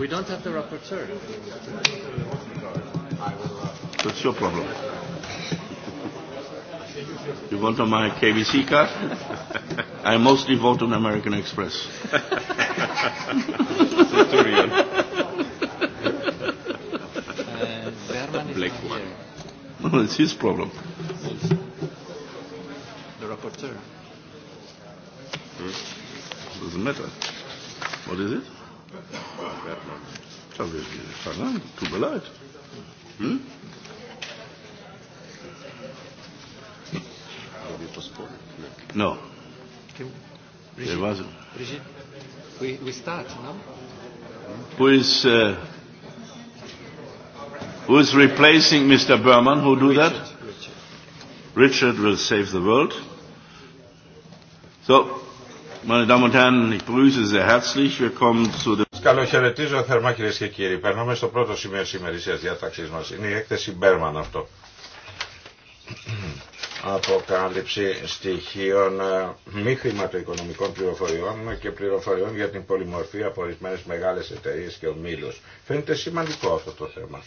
We don't have the rapporteur. That's your problem. You want on my KBC card? I mostly vote on American Express. Black one. No, it's his problem. The rapporteur. Doesn't matter. Ναι, tut mir leid. Hm? No. we, start, no? Who is, replacing Mr. Berman? Who do that? Richard will save the world. So, meine Damen und Herren, ich begrüße sehr herzlich. Wir kommen zu καλοχαιρετίζω θερμά κυρίε και κύριοι. Περνάμε στο πρώτο σημείο τη ημερησία διάταξή μα. Είναι η έκθεση Μπέρμαν αυτό. Αποκάλυψη στοιχείων ε, μη χρηματοοικονομικών πληροφοριών και πληροφοριών για την πολυμορφία από ορισμένε μεγάλε εταιρείε και ομίλου. Φαίνεται σημαντικό αυτό το θέμα.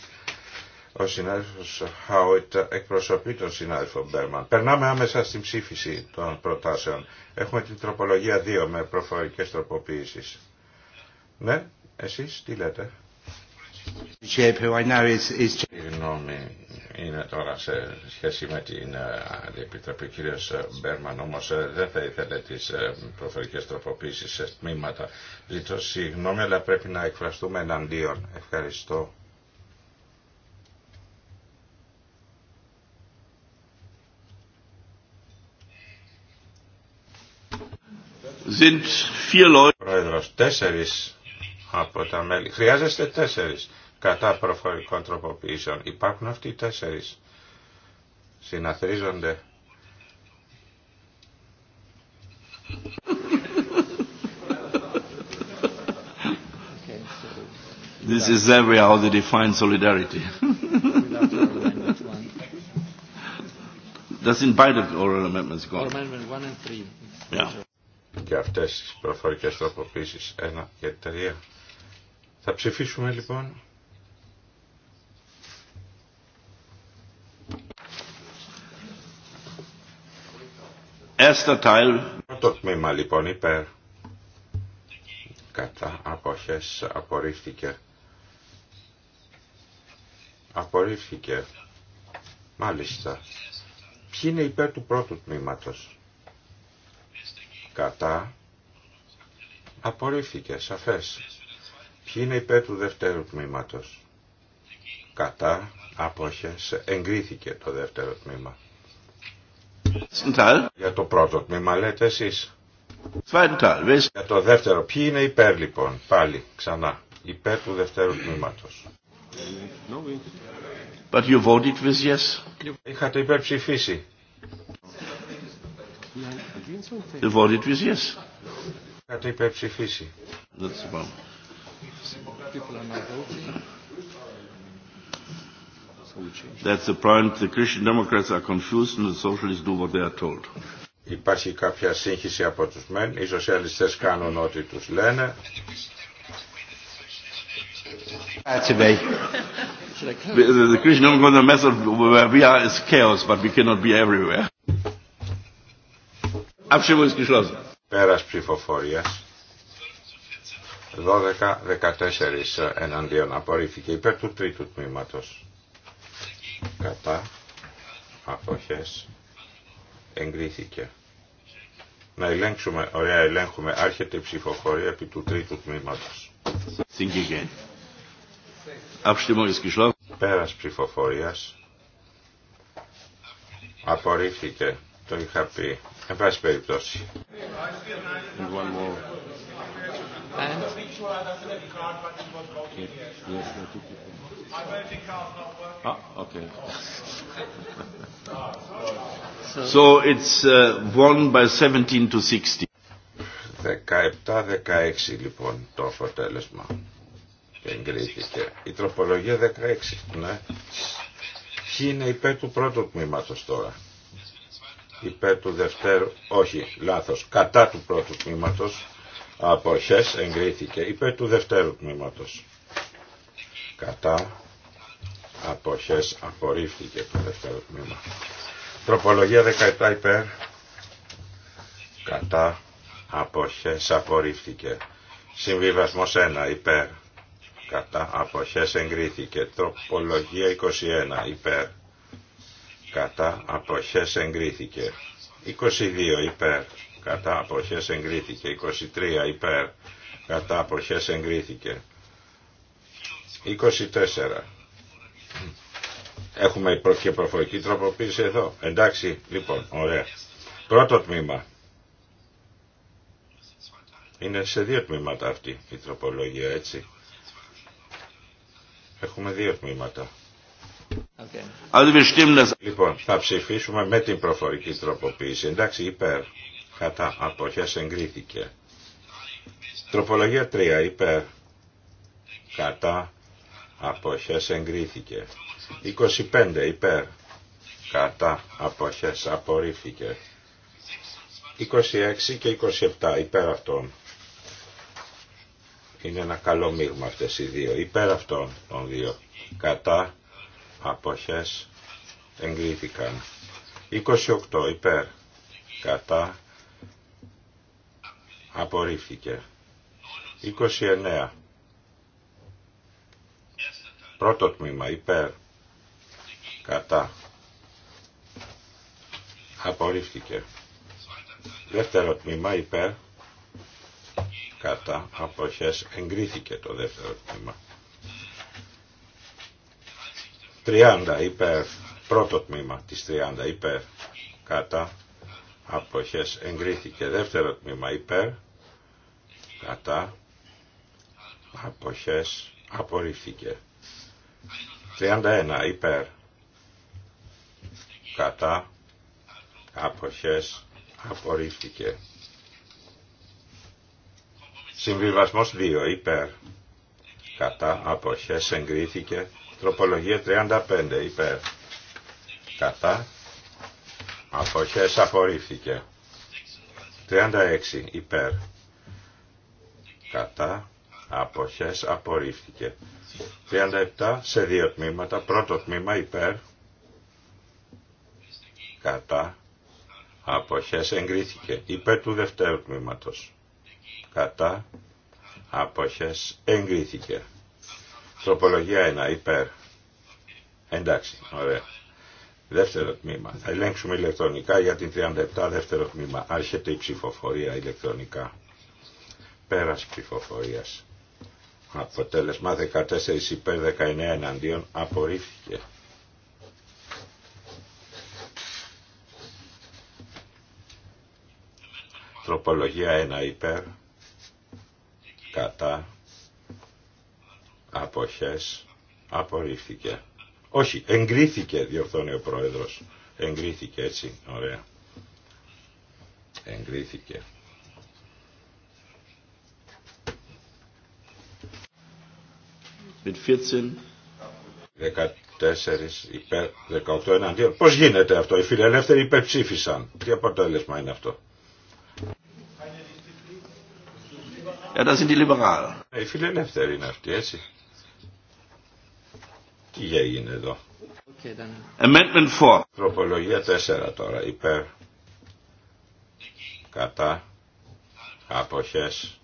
Ο συνάδελφο Χάουιτ εκπροσωπεί τον συνάδελφο Μπέρμαν. Περνάμε άμεσα στην ψήφιση των προτάσεων. Έχουμε την τροπολογία 2 με προφορικέ τροποποίησεις. Ναι, εσείς τι λέτε. Συγγνώμη, είναι τώρα σε σχέση με την ε, Αντιεπιτροπή. Κύριο ε, Μπέρμαν όμω ε, δεν θα ήθελε τι προφορικέ τροποποίησει σε τμήματα. Ζήτω συγγνώμη, αλλά πρέπει να εκφραστούμε εναντίον. Ευχαριστώ. Sind vier Leute. Πρόεδρος, τέσσερις από τα μέλη. Χρειάζεστε τέσσερις κατά προφορικών τροποποιήσεων. Υπάρχουν αυτοί οι τέσσερις. Συναθρίζονται. This is every how they define solidarity. Das in the oral amendments go? Amendment one and three. Yeah. Και αυτές τις προφορικές τροποποίησεις ένα και τρία. Θα ψηφίσουμε λοιπόν. Πρώτο τμήμα λοιπόν υπέρ. Κατά αποχές απορρίφθηκε. Απορρίφθηκε. Μάλιστα. Ποιοι είναι υπέρ του πρώτου τμήματος. Κατά. Απορρίφθηκε. Σαφές. Ποιοι είναι υπέρ του δεύτερου τμήματος. Κατά απόχε, εγκρίθηκε το δεύτερο τμήμα. Για το πρώτο τμήμα λέτε εσείς. Για το δεύτερο. Ποιοι είναι υπέρ λοιπόν. Πάλι ξανά. Υπέρ του δεύτερου τμήματος. Είχατε υπερψηφίσει. You voted with yes. Είχατε υπερψηφίσει. That's the point. The Christian Democrats are confused and the Socialists do what they are told. Υπάρχει κάποια σύγχυση από τους μεν, οι σοσιαλιστές κάνουν ό,τι τους λένε. The Christian Democrats are method where we are is chaos, but we cannot be everywhere. Abstimmung ist geschlossen. Πέρας ψηφοφορίας. 12-14 εναντίον απορρίφθηκε υπέρ του τρίτου τμήματο. Κατά αποχέ. εγκρίθηκε. Να ελέγξουμε, ωραία ελέγχουμε, άρχεται η ψηφοφορία επί του τρίτου τμήματο. Πέρας ψηφοφορία. απορρίφθηκε, το είχα πει, εν πάση περιπτώσει. And Ah, okay. so it's uh, won by 17 to 60. 17-16 λοιπόν το αποτέλεσμα. Εγκρίθηκε. Η τροπολογία 16, ναι. Ποιοι είναι υπέρ του πρώτου τμήματος τώρα. Υπέρ του δευτέρου, όχι, λάθος, κατά του πρώτου τμήματος αποχές εγκρίθηκε υπέρ του δευτέρου τμήματος κατά αποχές απορρίφθηκε το δεύτερο τμήμα τροπολογία 17 υπέρ κατά αποχές απορρίφθηκε συμβιβασμός 1 υπέρ κατά αποχές εγκρίθηκε τροπολογία 21 υπέρ κατά αποχές εγκρίθηκε 22 υπέρ κατά αποχές εγκρίθηκε. 23 υπέρ κατά αποχές εγκρίθηκε. 24. Έχουμε και προφορική τροποποίηση εδώ. Εντάξει, λοιπόν, ωραία. Πρώτο τμήμα. Είναι σε δύο τμήματα αυτή η τροπολογία, έτσι. Έχουμε δύο τμήματα. Okay. Λοιπόν, θα ψηφίσουμε με την προφορική τροποποίηση. Εντάξει, υπέρ κατά αποχές εγκρίθηκε. Τροπολογία 3 υπέρ κατά αποχές εγκρίθηκε. 25 υπέρ κατά αποχές απορρίφθηκε. 26 και 27 υπέρ αυτών. Είναι ένα καλό μείγμα αυτές οι δύο. Υπέρ αυτών των δύο. Κατά αποχές εγκρίθηκαν. 28 υπέρ κατά Απορρίφθηκε. 29. Πρώτο τμήμα υπέρ. Κατά. Απορρίφθηκε. Δεύτερο τμήμα υπέρ. Κατά. Αποχές. Εγκρίθηκε το δεύτερο τμήμα. 30 υπέρ. Πρώτο τμήμα της 30 υπέρ. Κατά. Αποχές εγκρίθηκε δεύτερο τμήμα υπέρ, κατά αποχές απορρίφθηκε 31 υπέρ κατά αποχές απορρίφθηκε συμβιβασμός 2 υπέρ κατά αποχές εγκρίθηκε τροπολογία 35 υπέρ κατά αποχές απορρίφθηκε 36 υπέρ κατά, αποχές, απορρίφθηκε. 37 σε δύο τμήματα, πρώτο τμήμα υπέρ, κατά, αποχές, εγκρίθηκε. Υπέρ του δευτέρου τμήματος, κατά, αποχές, εγκρίθηκε. Τροπολογία 1, υπέρ. Εντάξει, ωραία. Δεύτερο τμήμα. Θα ελέγξουμε ηλεκτρονικά για την 37 δεύτερο τμήμα. Άρχεται η ψηφοφορία ηλεκτρονικά πέρας ψηφοφορίας. Αποτέλεσμα 14 υπέρ 19 εναντίον απορρίφθηκε. Τροπολογία 1 υπέρ, κατά, αποχές, απορρίφθηκε. Όχι, εγκρίθηκε, διορθώνει ο πρόεδρος. Εγκρίθηκε έτσι, ωραία. Εγκρίθηκε. mit 14 14 υπέρ 18 εναντίον. Πώ γίνεται αυτό, οι φιλελεύθεροι υπερψήφισαν. Τι αποτέλεσμα είναι αυτό. Ένα ε, είναι ε, Οι φιλελεύθεροι είναι αυτοί, έτσι. Τι έγινε εδώ. Τροπολογία 4 τώρα, υπέρ, κατά, αποχές,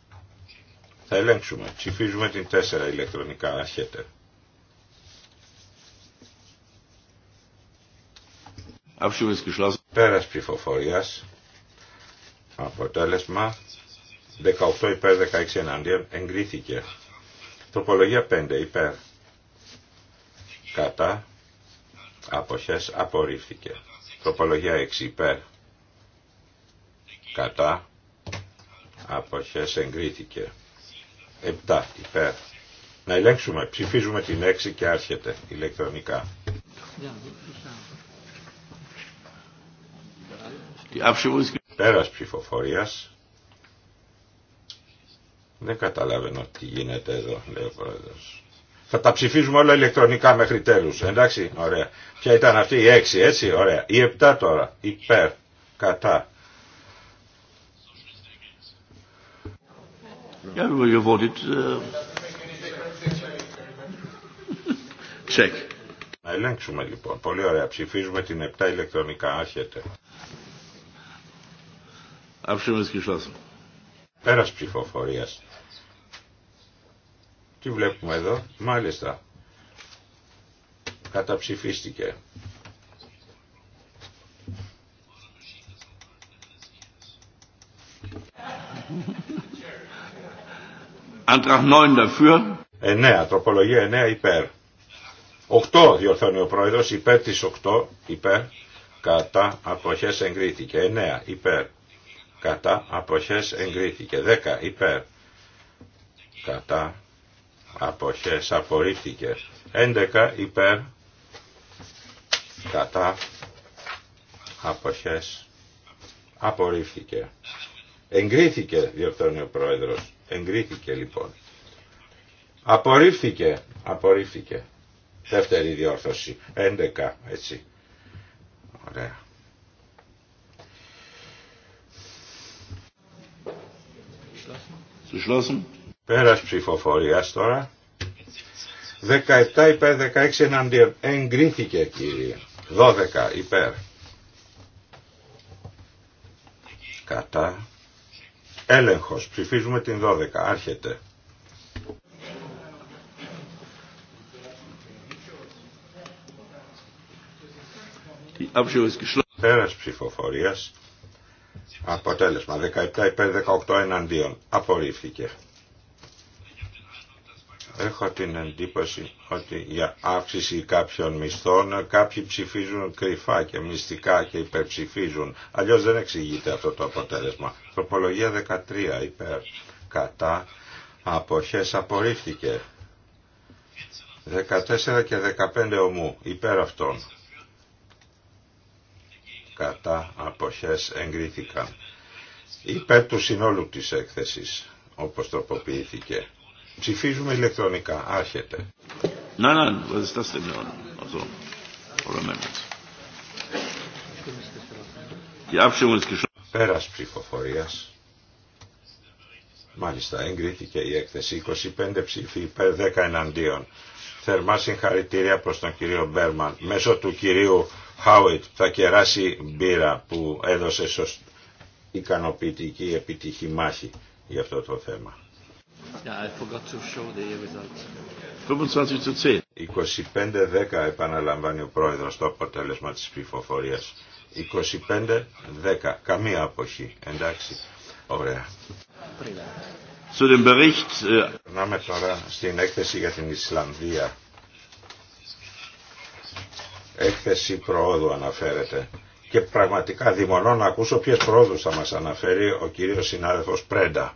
θα ελέγξουμε. Ψηφίζουμε την 4 ηλεκτρονικά. Άρχεται. Πέρας ψηφοφορίας. Αποτέλεσμα 18 υπέρ 16 εναντίον εγκρίθηκε. Τροπολογία 5 υπέρ. Κατά. Αποχές απορρίφθηκε. Τροπολογία 6 υπέρ. Κατά. Αποχές εγκρίθηκε. 7 υπέρ. Να ελέγξουμε. Ψηφίζουμε την 6 και άρχεται ηλεκτρονικά. Πέρας ψηφοφορία. Δεν καταλαβαίνω τι γίνεται εδώ, λέει ο πρόεδρο. Θα τα ψηφίζουμε όλα ηλεκτρονικά μέχρι τέλου. εντάξει, ωραία. Ποια ήταν αυτή η 6, έτσι, ωραία. Η 7 τώρα, υπέρ, κατά, Yeah, well, you voted. Uh... Check. Να ελέγξουμε λοιπόν. Πολύ ωραία. Ψηφίζουμε την 7 ηλεκτρονικά. Άρχεται. Πέρας ψηφοφορίας. Τι βλέπουμε εδώ. Μάλιστα. Καταψηφίστηκε. Αντραχ 9 dafür. 9, τροπολογία 9 υπέρ. 8 διορθώνει ο πρόεδρος, υπέρ της 8, υπέρ, κατά αποχές εγκρίθηκε. 9 υπέρ, κατά αποχές εγκρίθηκε. 10 υπέρ, κατά αποχές απορρίφθηκε. 11 υπέρ, κατά αποχές απορρίφθηκε. Εγκρίθηκε διορθώνει ο πρόεδρος. Εγκρίθηκε λοιπόν. Απορρίφθηκε. Απορρίφθηκε. Δεύτερη διόρθωση. 11. Έτσι. Ωραία. Πέρας ψηφοφορίας τώρα. 17 υπέρ 16 εναντίον. Εγκρίθηκε κύριε. 12 υπέρ. Κατά. Έλεγχος. Ψηφίζουμε την 12. Άρχεται. Πέρας ψηφοφορίας. Αποτέλεσμα 17 υπέρ 18 εναντίον. Απορρίφθηκε. Έχω την εντύπωση ότι για αύξηση κάποιων μισθών κάποιοι ψηφίζουν κρυφά και μυστικά και υπερψηφίζουν. Αλλιώς δεν εξηγείται αυτό το αποτέλεσμα. Τροπολογία 13 υπέρ κατά αποχές απορρίφθηκε. 14 και 15 ομού υπέρ αυτών. Κατά αποχές εγκρίθηκαν. Υπέρ του συνόλου της έκθεσης όπως τροποποιήθηκε Ψηφίζουμε ηλεκτρονικά. Άρχεται. Nein, ψηφοφορία. Πέρας ψηφοφορίας. Μάλιστα, εγκρίθηκε η έκθεση 25 ψήφοι υπέρ 10 εναντίον. Θερμά συγχαρητήρια προς τον κύριο Μπέρμαν. Μέσω του κυρίου Χάουιτ θα κεράσει μπύρα που έδωσε σωστή ικανοποιητική επιτυχή μάχη για αυτό το θέμα. 25-10 επαναλαμβάνει ο πρόεδρος το αποτέλεσμα της ψηφοφορίας. 25-10. Καμία αποχή. Εντάξει. Ωραία. Äh, Περνάμε τώρα στην έκθεση για την Ισλανδία. Έκθεση προόδου αναφέρεται. Και πραγματικά δημονώ να ακούσω ποιες προόδους θα μας αναφέρει ο κύριος συνάδελφος Πρέντα.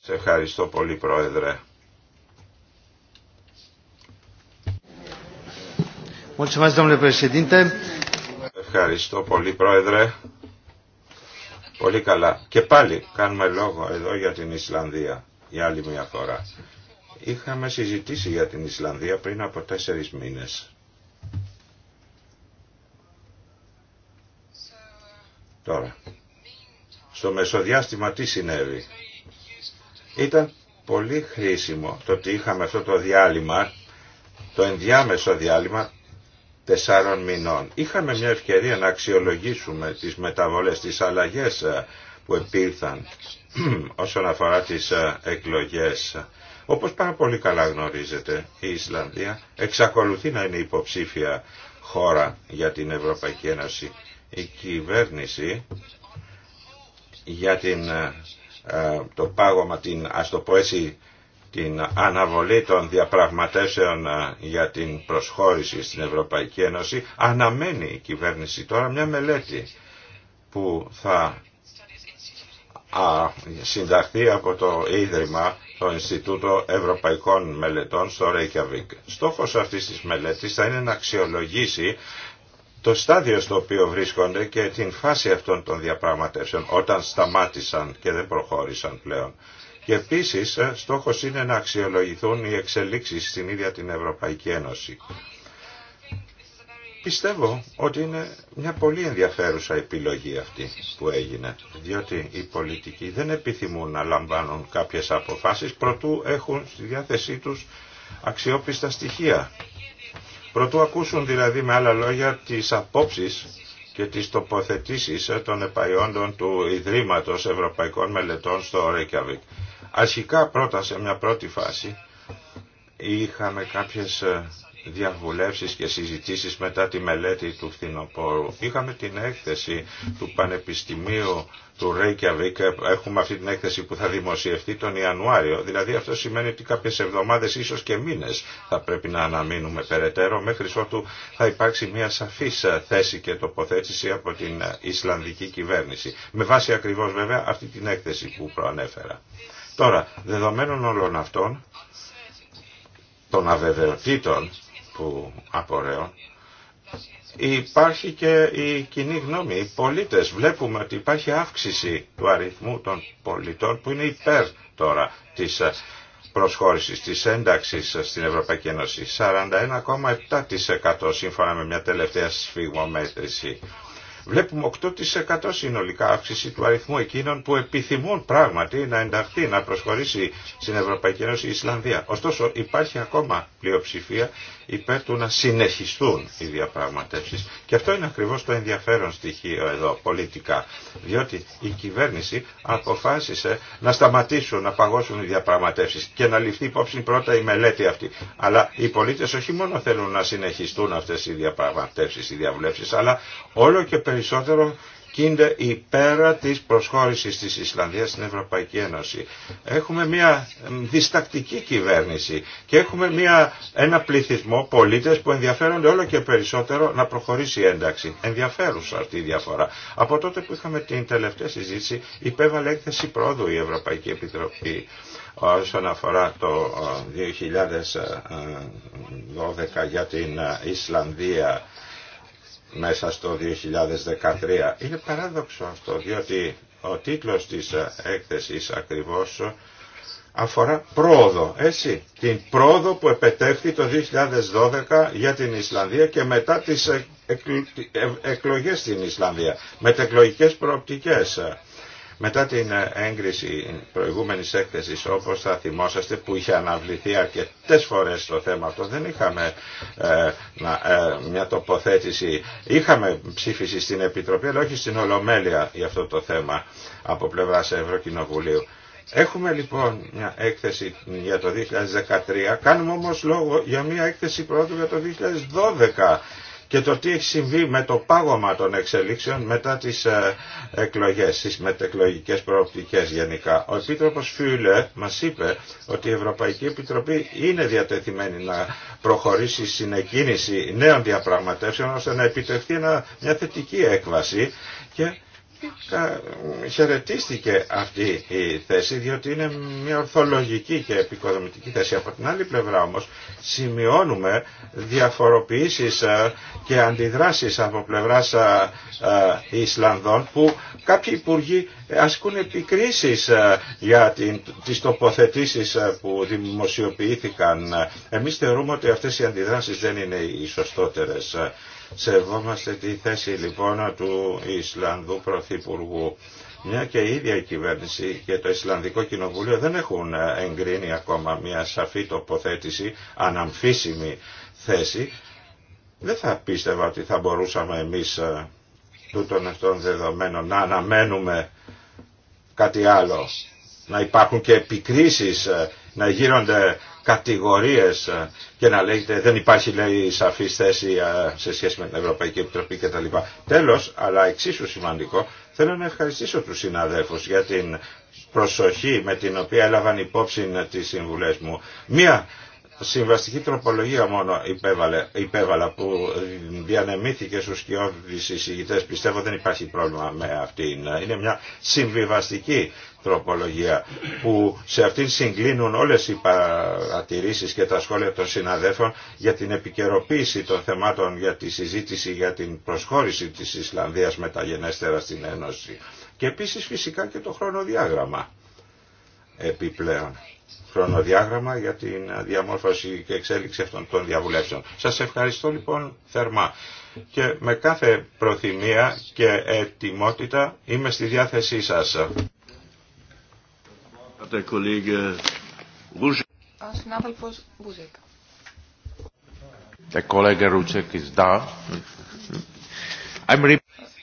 Σε ευχαριστώ πολύ, Πρόεδρε. Mulțumesc, Ευχαριστώ πολύ, Πρόεδρε. Πολύ καλά. Και πάλι κάνουμε λόγο εδώ για την Ισλανδία, για άλλη μια φορά. Είχαμε συζητήσει για την Ισλανδία πριν από τέσσερις μήνες. Τώρα, στο μεσοδιάστημα τι συνέβη. Ήταν πολύ χρήσιμο το ότι είχαμε αυτό το διάλειμμα, το ενδιάμεσο διάλειμμα τεσσάρων μηνών. Είχαμε μια ευκαιρία να αξιολογήσουμε τις μεταβολές, τις αλλαγές ε, που επήλθαν όσον αφορά τις ε, εκλογές. Όπως πάρα πολύ καλά γνωρίζετε, η Ισλανδία εξακολουθεί να είναι υποψήφια χώρα για την Ευρωπαϊκή Ένωση η κυβέρνηση για την, ε, το πάγωμα, την, ας το πω έτσι, την αναβολή των διαπραγματεύσεων ε, για την προσχώρηση στην Ευρωπαϊκή Ένωση αναμένει η κυβέρνηση τώρα μια μελέτη που θα συνταχθεί από το Ίδρυμα το Ινστιτούτο Ευρωπαϊκών Μελετών στο Reykjavik. Στόχος αυτής της μελέτης θα είναι να αξιολογήσει το στάδιο στο οποίο βρίσκονται και την φάση αυτών των διαπραγματεύσεων όταν σταμάτησαν και δεν προχώρησαν πλέον. Και επίσης ε, στόχος είναι να αξιολογηθούν οι εξελίξεις στην ίδια την Ευρωπαϊκή Ένωση. Πιστεύω ότι είναι μια πολύ ενδιαφέρουσα επιλογή αυτή που έγινε, διότι οι πολιτικοί δεν επιθυμούν να λαμβάνουν κάποιες αποφάσεις προτού έχουν στη διάθεσή τους αξιόπιστα στοιχεία Προτού ακούσουν δηλαδή με άλλα λόγια τις απόψεις και τις τοποθετήσεις των επαϊόντων του Ιδρύματος Ευρωπαϊκών Μελετών στο Ρέικιαβικ. Αρχικά πρώτα σε μια πρώτη φάση είχαμε κάποιες ε, διαβουλεύσεις και συζητήσεις μετά τη μελέτη του φθινοπόρου. Είχαμε την έκθεση του Πανεπιστημίου του Reykjavik, έχουμε αυτή την έκθεση που θα δημοσιευτεί τον Ιανουάριο. Δηλαδή αυτό σημαίνει ότι κάποιες εβδομάδες, ίσως και μήνες θα πρέπει να αναμείνουμε περαιτέρω, μέχρι ότου θα υπάρξει μια σαφής θέση και τοποθέτηση από την Ισλανδική κυβέρνηση. Με βάση ακριβώς βέβαια αυτή την έκθεση που προανέφερα. Τώρα, δεδομένων όλων αυτών, των αβεβαιοτήτων που απορρέω υπάρχει και η κοινή γνώμη. Οι πολίτες βλέπουμε ότι υπάρχει αύξηση του αριθμού των πολιτών που είναι υπέρ τώρα της προσχώρησης, της ένταξης στην Ευρωπαϊκή Ένωση. 41,7% σύμφωνα με μια τελευταία σφιγμομέτρηση. Βλέπουμε 8% συνολικά αύξηση του αριθμού εκείνων που επιθυμούν πράγματι να ενταχθεί, να προσχωρήσει στην Ευρωπαϊκή Ένωση η Ισλανδία. Ωστόσο υπάρχει ακόμα πλειοψηφία υπέρ του να συνεχιστούν οι διαπραγματεύσεις. Και αυτό είναι ακριβώς το ενδιαφέρον στοιχείο εδώ πολιτικά. Διότι η κυβέρνηση αποφάσισε να σταματήσουν, να παγώσουν οι διαπραγματεύσεις και να ληφθεί υπόψη πρώτα η μελέτη αυτή. Αλλά οι πολίτες όχι μόνο θέλουν να συνεχιστούν αυτές οι διαπραγματεύσεις, οι διαβουλεύσεις, αλλά όλο και περισσότερο κίνεται υπέρα της προσχώρησης της Ισλανδίας στην Ευρωπαϊκή Ένωση. Έχουμε μια διστακτική κυβέρνηση και έχουμε μια, ένα πληθυσμό πολίτες που ενδιαφέρονται όλο και περισσότερο να προχωρήσει η ένταξη. Ενδιαφέρουσα αυτή η διαφορά. Από τότε που είχαμε την τελευταία συζήτηση υπέβαλε έκθεση πρόοδου η Ευρωπαϊκή Επιτροπή ε, όσον αφορά το 2012 ε, ε, για την Ισλανδία μέσα στο 2013. Είναι παράδοξο αυτό, διότι ο τίτλος της έκθεσης ακριβώς αφορά πρόοδο, έτσι. Την πρόοδο που επετεύχθη το 2012 για την Ισλανδία και μετά τις εκλογές στην Ισλανδία, μετεκλογικές προοπτικές. Μετά την ε, έγκριση προηγούμενης έκθεσης όπως θα θυμόσαστε που είχε αναβληθεί αρκετές φορές το θέμα αυτό δεν είχαμε ε, ε, μια τοποθέτηση. Είχαμε ψήφιση στην Επιτροπή αλλά όχι στην Ολομέλεια για αυτό το θέμα από πλευράς Ευρωκοινοβουλίου. Έχουμε λοιπόν μια έκθεση για το 2013, κάνουμε όμως λόγο για μια έκθεση πρώτου για το 2012 και το τι έχει συμβεί με το πάγωμα των εξελίξεων μετά τις ε, εκλογές, τις μετεκλογικές προοπτικές γενικά. Ο Επίτροπος Φιούλε μας είπε ότι η Ευρωπαϊκή Επιτροπή είναι διατεθειμένη να προχωρήσει στην εκκίνηση νέων διαπραγματεύσεων ώστε να επιτευχθεί μια θετική έκβαση και χαιρετίστηκε αυτή η θέση διότι είναι μια ορθολογική και επικοδομητική θέση. Από την άλλη πλευρά όμως σημειώνουμε διαφοροποιήσεις ε, και αντιδράσεις από πλευράς ε, ε, Ισλανδών που κάποιοι υπουργοί ασκούν επικρίσεις για τις τοποθετήσεις που δημοσιοποιήθηκαν. Εμείς θεωρούμε ότι αυτές οι αντιδράσεις δεν είναι οι σωστότερες Σεβόμαστε τη θέση λοιπόν του Ισλανδού Πρωθυπουργού. Μια και η ίδια η κυβέρνηση και το Ισλανδικό Κοινοβούλιο δεν έχουν εγκρίνει ακόμα μια σαφή τοποθέτηση, αναμφίσιμη θέση, δεν θα πίστευα ότι θα μπορούσαμε εμείς ε, τούτων αυτών δεδομένων να αναμένουμε κάτι άλλο. Να υπάρχουν και επικρίσεις, ε, να γίνονται κατηγορίες ε, και να λέγεται δεν υπάρχει λέει σαφής θέση ε, σε σχέση με την Ευρωπαϊκή Επιτροπή κτλ. Τέλος, αλλά εξίσου σημαντικό, θέλω να ευχαριστήσω τους συναδέλφους για την προσοχή με την οποία έλαβαν υπόψη τις συμβουλές μου. Μία συμβαστική τροπολογία μόνο υπέβαλε, υπέβαλα που διανεμήθηκε στους κοιόδης εισηγητές. Πιστεύω δεν υπάρχει πρόβλημα με αυτήν. Είναι μια συμβιβαστική τροπολογία που σε αυτήν συγκλίνουν όλες οι παρατηρήσεις και τα σχόλια των συναδέφων για την επικαιροποίηση των θεμάτων για τη συζήτηση για την προσχώρηση της Ισλανδίας μεταγενέστερα στην Ένωση και επίσης φυσικά και το χρονοδιάγραμμα επιπλέον χρονοδιάγραμμα για την διαμόρφωση και εξέλιξη αυτών των διαβουλεύσεων. Σας ευχαριστώ λοιπόν θερμά και με κάθε προθυμία και ετοιμότητα είμαι στη διάθεσή σας. Ο συνάδελφος Der Kollege da. I'm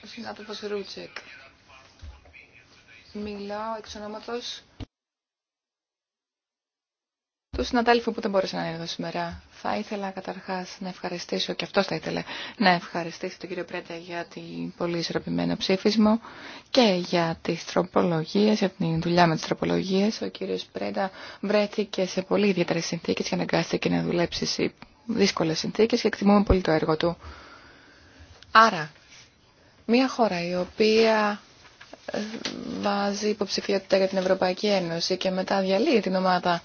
Συνάδελφος Ρούτσεκ. Μιλάω εξ ονόματος του συναδέλφου που δεν μπόρεσε να είναι εδώ σήμερα. Θα ήθελα καταρχά να ευχαριστήσω, και αυτό θα ήθελε να ευχαριστήσει τον κύριο Πρέντα για την πολύ ισορροπημένο ψήφισμα και για τι τροπολογίε, για την δουλειά με τι τροπολογίε, Ο κύριο Πρέντα βρέθηκε σε πολύ ιδιαίτερε συνθήκε και αναγκάστηκε να δουλέψει σε δύσκολε συνθήκε και εκτιμούμε πολύ το έργο του. Άρα, μια χώρα η οποία ε, βάζει υποψηφιότητα για την Ευρωπαϊκή Ένωση και μετά διαλύει την ομάδα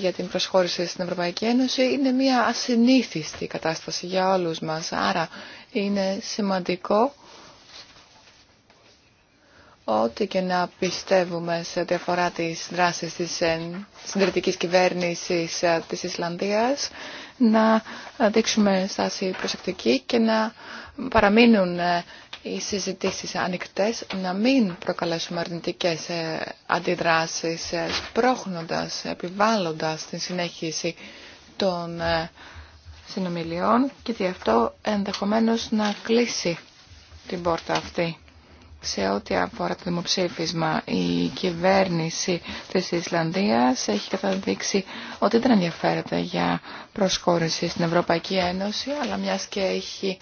για την προσχώρηση στην Ευρωπαϊκή Ένωση είναι μια ασυνήθιστη κατάσταση για όλους μας. Άρα είναι σημαντικό ό,τι και να πιστεύουμε σε ό,τι αφορά τις δράσεις της ε, συντηρητικής κυβέρνησης ε, της Ισλανδίας, να δείξουμε στάση προσεκτική και να παραμείνουν ε, οι συζητήσεις ανοιχτές να μην προκαλέσουμε αρνητικές ε, αντιδράσεις, ε, σπρώχνοντας, επιβάλλοντας την συνέχιση των ε, συνομιλιών και γι' αυτό ενδεχομένως να κλείσει την πόρτα αυτή. Σε ό,τι αφορά το δημοψήφισμα, η κυβέρνηση της Ισλανδίας έχει καταδείξει ότι δεν ενδιαφέρεται για προσχώρηση στην Ευρωπαϊκή Ένωση, αλλά μιας και έχει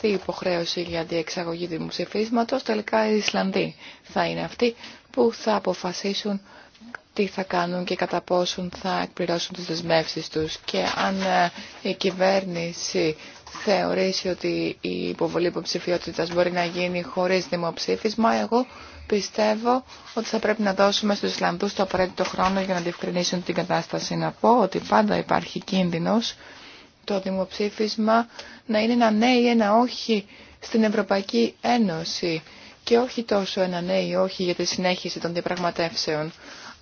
η υποχρέωση για διεξαγωγή δημοψηφίσματος, τελικά οι Ισλανδοί θα είναι αυτοί που θα αποφασίσουν τι θα κάνουν και κατά πόσον θα εκπληρώσουν τις δεσμεύσεις τους. Και αν ε, η κυβέρνηση θεωρήσει ότι η υποβολή υποψηφιότητα μπορεί να γίνει χωρίς δημοψήφισμα, εγώ πιστεύω ότι θα πρέπει να δώσουμε στους Ισλανδούς το απαραίτητο χρόνο για να διευκρινίσουν την κατάσταση. Να πω ότι πάντα υπάρχει κίνδυνος το δημοψήφισμα να είναι ένα ναι ή ένα όχι στην Ευρωπαϊκή Ένωση και όχι τόσο ένα ναι ή όχι για τη συνέχιση των διαπραγματεύσεων.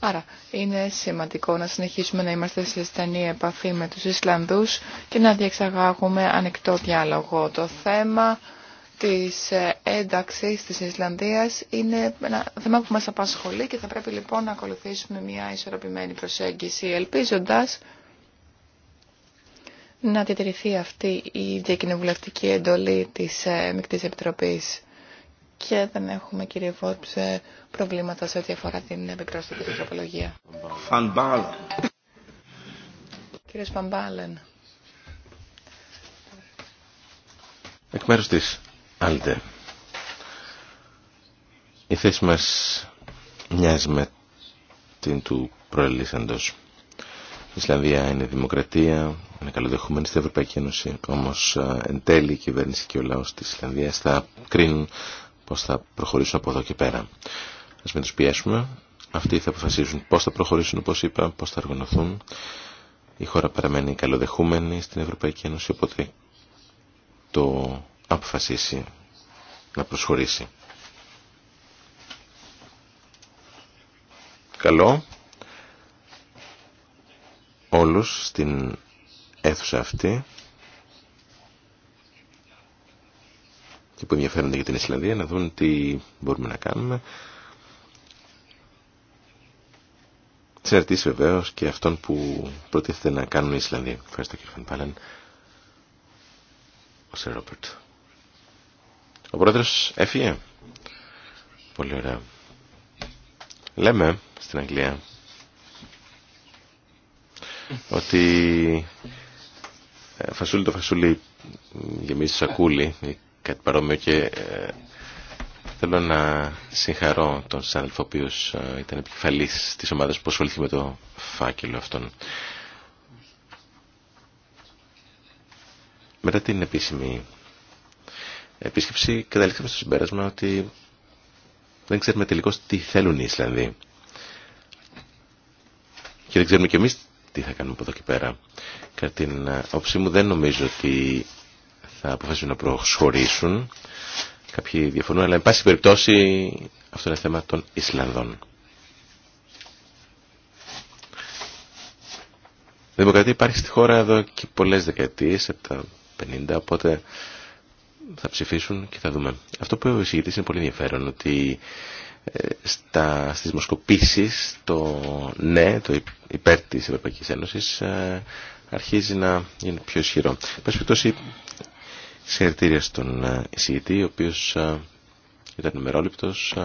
Άρα είναι σημαντικό να συνεχίσουμε να είμαστε σε στενή επαφή με τους Ισλανδούς και να διεξαγάγουμε ανοιχτό διάλογο. Το θέμα της ε, ένταξης της Ισλανδίας είναι ένα θέμα που μας απασχολεί και θα πρέπει λοιπόν να ακολουθήσουμε μια ισορροπημένη προσέγγιση ελπίζοντας να διατηρηθεί αυτή η διακοινοβουλευτική εντολή της ε, Μικτής Επιτροπής και δεν έχουμε κύριε Βόρψε προβλήματα σε ό,τι αφορά την επικρόστατη τροπολογία. Φανμπάλεν. Κύριος Φανμπάλεν. Εκ μέρους της Άλτε, Η θέση μας μοιάζει με την του προελήσαντος. Η Ισλανδία είναι δημοκρατία, είναι καλοδεχούμενη στην Ευρωπαϊκή Ένωση, Όμω, ε, εν τέλει η κυβέρνηση και ο λαό τη Ισλανδία, θα κρίνουν πώς θα προχωρήσουν από εδώ και πέρα. Α μην του πιέσουμε. Αυτοί θα αποφασίσουν πώς θα προχωρήσουν, όπω είπα, πώς θα οργανωθούν. Η χώρα παραμένει καλοδεχούμενη στην Ευρωπαϊκή Ένωση, οπότε το αποφασίσει να προσχωρήσει. Καλό όλους στην αίθουσα αυτή και που ενδιαφέρονται για την Ισλανδία να δουν τι μπορούμε να κάνουμε. Συναρτήσει βεβαίω και αυτόν που προτίθεται να κάνουν η Ισλανδία Ευχαριστώ κύριε Φανπάλαν. Ο Σερ Ρόπερτ. Ο πρόεδρος έφυγε. Πολύ ωραία. Λέμε στην Αγγλία ότι ε, φασούλι το φασούλι γεμίζει σακούλι ή ε, κάτι παρόμοιο και ε, θέλω να συγχαρώ τον συνάδελφο ο οποίο ήταν επικεφαλής της ομάδας που ασχολήθηκε με το φάκελο αυτόν. Μετά την επίσημη επίσκεψη καταλήξαμε στο συμπέρασμα ότι δεν ξέρουμε τελικώς τι θέλουν οι Ισλανδοί. Και δεν ξέρουμε και εμείς τι θα κάνουμε από εδώ και πέρα. Κατά την όψη ε, μου δεν νομίζω ότι θα αποφασίσουν να προσχωρήσουν. Κάποιοι διαφωνούν, αλλά εν πάση περιπτώσει αυτό είναι θέμα των Ισλανδών. δημοκρατία υπάρχει στη χώρα εδώ και πολλές δεκαετίες, από τα 50, οπότε θα ψηφίσουν και θα δούμε. Αυτό που ο εισηγητής είναι πολύ ενδιαφέρον, ότι ε, στα, στις το ναι, το υπέρ της Ευρωπαϊκής Ένωσης ε, αρχίζει να είναι πιο ισχυρό. Πες συγχαρητήρια στον ε, εισηγητή, ο οποίος ήταν μερόληπτος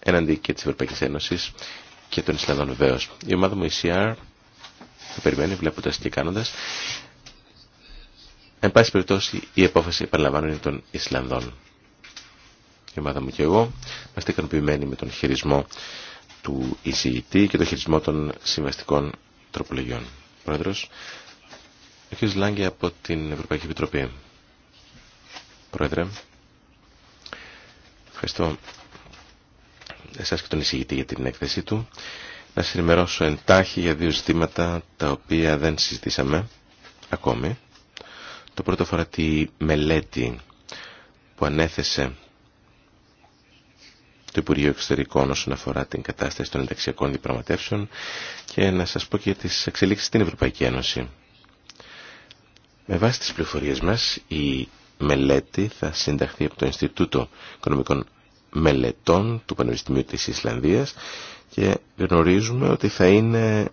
έναντι και της Ευρωπαϊκής Ένωσης και των Ισλανδών βεβαίω. Η ομάδα μου ECR θα περιμένει βλέποντας και κάνοντας Εν πάση περιπτώσει η απόφαση επαναλαμβάνω των Ισλανδών. Η ομάδα μου και εγώ είμαστε ικανοποιημένοι με τον χειρισμό του εισηγητή και τον χειρισμό των συμβαστικών τροπολογιών. Πρόεδρος, ο κ. Λάγκη από την Ευρωπαϊκή Επιτροπή. Πρόεδρε, ευχαριστώ εσάς και τον εισηγητή για την έκθεσή του. Να σας ενημερώσω εντάχει για δύο ζητήματα τα οποία δεν συζητήσαμε ακόμη. Το πρώτο αφορά τη μελέτη που ανέθεσε το Υπουργείο Εξωτερικών όσον αφορά την κατάσταση των ενταξιακών διπραγματεύσεων και να σας πω και τις εξελίξεις στην Ευρωπαϊκή Ένωση. Με βάση τις πληροφορίες μας, η μελέτη θα συνταχθεί από το Ινστιτούτο Οικονομικών Μελετών του Πανεπιστημίου της Ισλανδίας και γνωρίζουμε ότι θα είναι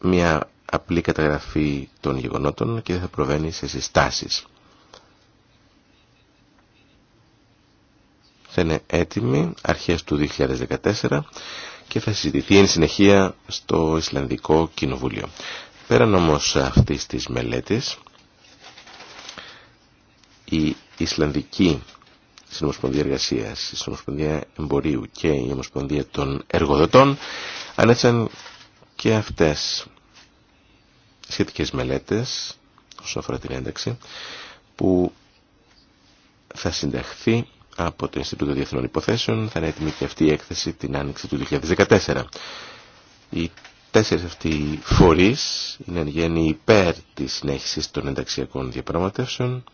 μια απλή καταγραφή των γεγονότων και δεν θα προβαίνει σε συστάσεις. Θα είναι έτοιμη αρχές του 2014 και θα συζητηθεί εν συνεχεία στο Ισλανδικό Κοινοβούλιο. Πέραν όμως αυτής της μελέτης, η Ισλανδική Συνομοσπονδία Εργασία, η Συνομοσπονδία Εμπορίου και η Ομοσπονδία των Εργοδοτών ανέτσαν και αυτές σχετικές μελέτες όσον αφορά την ένταξη που θα συνταχθεί από το Ινστιτούτο Διεθνών Υποθέσεων θα είναι έτοιμη και αυτή η έκθεση την άνοιξη του 2014. Οι τέσσερις αυτοί φορείς είναι εν γέννη υπέρ της συνέχισης των ενταξιακών διαπραγματεύσεων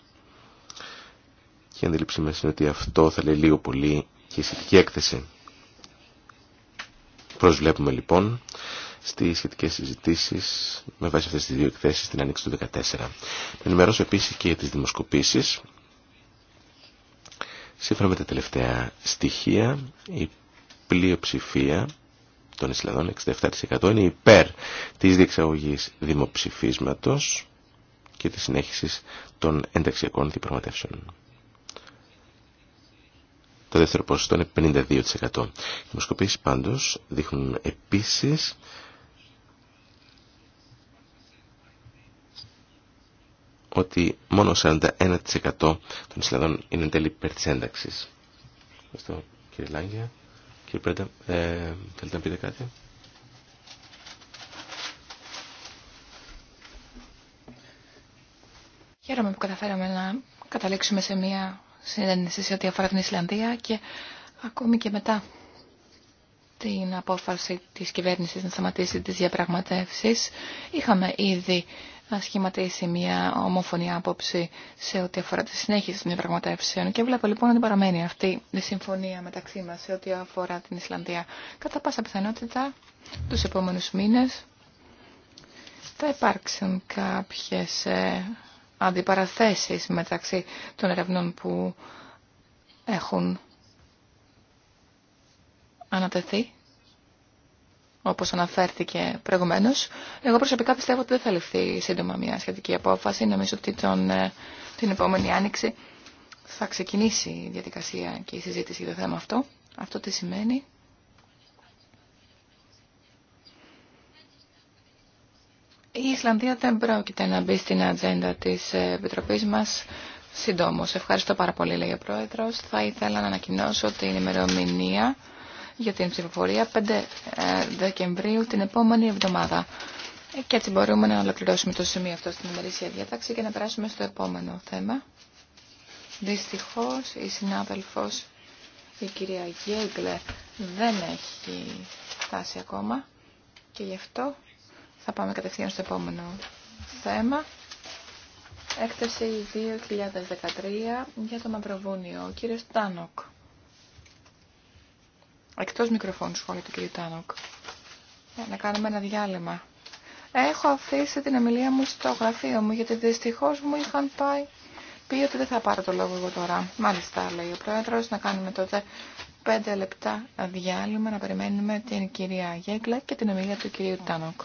και η αντίληψή μας είναι ότι αυτό θα λέει λίγο πολύ και η σχετική έκθεση. Προσβλέπουμε λοιπόν στις σχετικέ συζητήσει με βάση αυτέ τις δύο εκθέσει, στην Άνοιξη του 2014. ενημερώσω επίση και για τις δημοσκοπήσεις. Σύμφωνα με τα τελευταία στοιχεία, η πλειοψηφία των Ισλανδών, 67% είναι υπέρ της διεξαγωγή δημοψηφίσματος και της συνέχισης των ενταξιακών διπραγματεύσεων. Το δεύτερο ποσοστό είναι 52%. Οι δημοσκοπήσεις πάντως δείχνουν επίσης ότι μόνο 41% των Ισλανδών είναι εν τέλει υπέρ της ένταξης. Ευχαριστώ κύριε Λάγκια. Κύριε Πρέντα, ε, θέλετε να πείτε κάτι. Χαίρομαι που καταφέραμε να καταλήξουμε σε μια συνέντευξη σε ό,τι αφορά την Ισλανδία και ακόμη και μετά την απόφαση της κυβέρνησης να σταματήσει τις διαπραγματεύσεις. Είχαμε ήδη να σχηματίσει μια ομόφωνη άποψη σε ό,τι αφορά τη συνέχιση των διαπραγματεύσεων. Και βλέπω λοιπόν ότι παραμένει αυτή η συμφωνία μεταξύ μα σε ό,τι αφορά την Ισλανδία. Κατά πάσα πιθανότητα, του επόμενου μήνε θα υπάρξουν κάποιε ε, αντιπαραθέσεις μεταξύ των ερευνών που έχουν ανατεθεί όπως αναφέρθηκε προηγουμένως. Εγώ προσωπικά πιστεύω ότι δεν θα ληφθεί σύντομα μια σχετική απόφαση. Νομίζω ότι τον, ε, την επόμενη άνοιξη θα ξεκινήσει η διαδικασία και η συζήτηση για το θέμα αυτό. Αυτό τι σημαίνει. Η Ισλανδία δεν πρόκειται να μπει στην ατζέντα της Επιτροπής μας συντόμως. Ευχαριστώ πάρα πολύ, λέει ο Πρόεδρος. Θα ήθελα να ανακοινώσω την ημερομηνία για την ψηφοφορία 5 ε, Δεκεμβρίου την επόμενη εβδομάδα. Και έτσι μπορούμε να ολοκληρώσουμε το σημείο αυτό στην ημερήσια διάταξη και να περάσουμε στο επόμενο θέμα. Δυστυχώς η συνάδελφος η κυρία Γέγκλε δεν έχει φτάσει ακόμα και γι' αυτό θα πάμε κατευθείαν στο επόμενο θέμα. Έκθεση 2013 για το Μαυροβούνιο. Ο κύριος Τάνοκ. Εκτό μικροφώνου σχόλια του κ. Τάνοκ. Ε, να κάνουμε ένα διάλειμμα. Έχω αφήσει την ομιλία μου στο γραφείο μου γιατί δυστυχώ μου είχαν πάει πει ότι δεν θα πάρω το λόγο εγώ τώρα. Μάλιστα, λέει ο πρόεδρος, να κάνουμε τότε πέντε λεπτά διάλειμμα να περιμένουμε την κυρία Γέγκλα και την ομιλία του κυρίου Τάνοκ.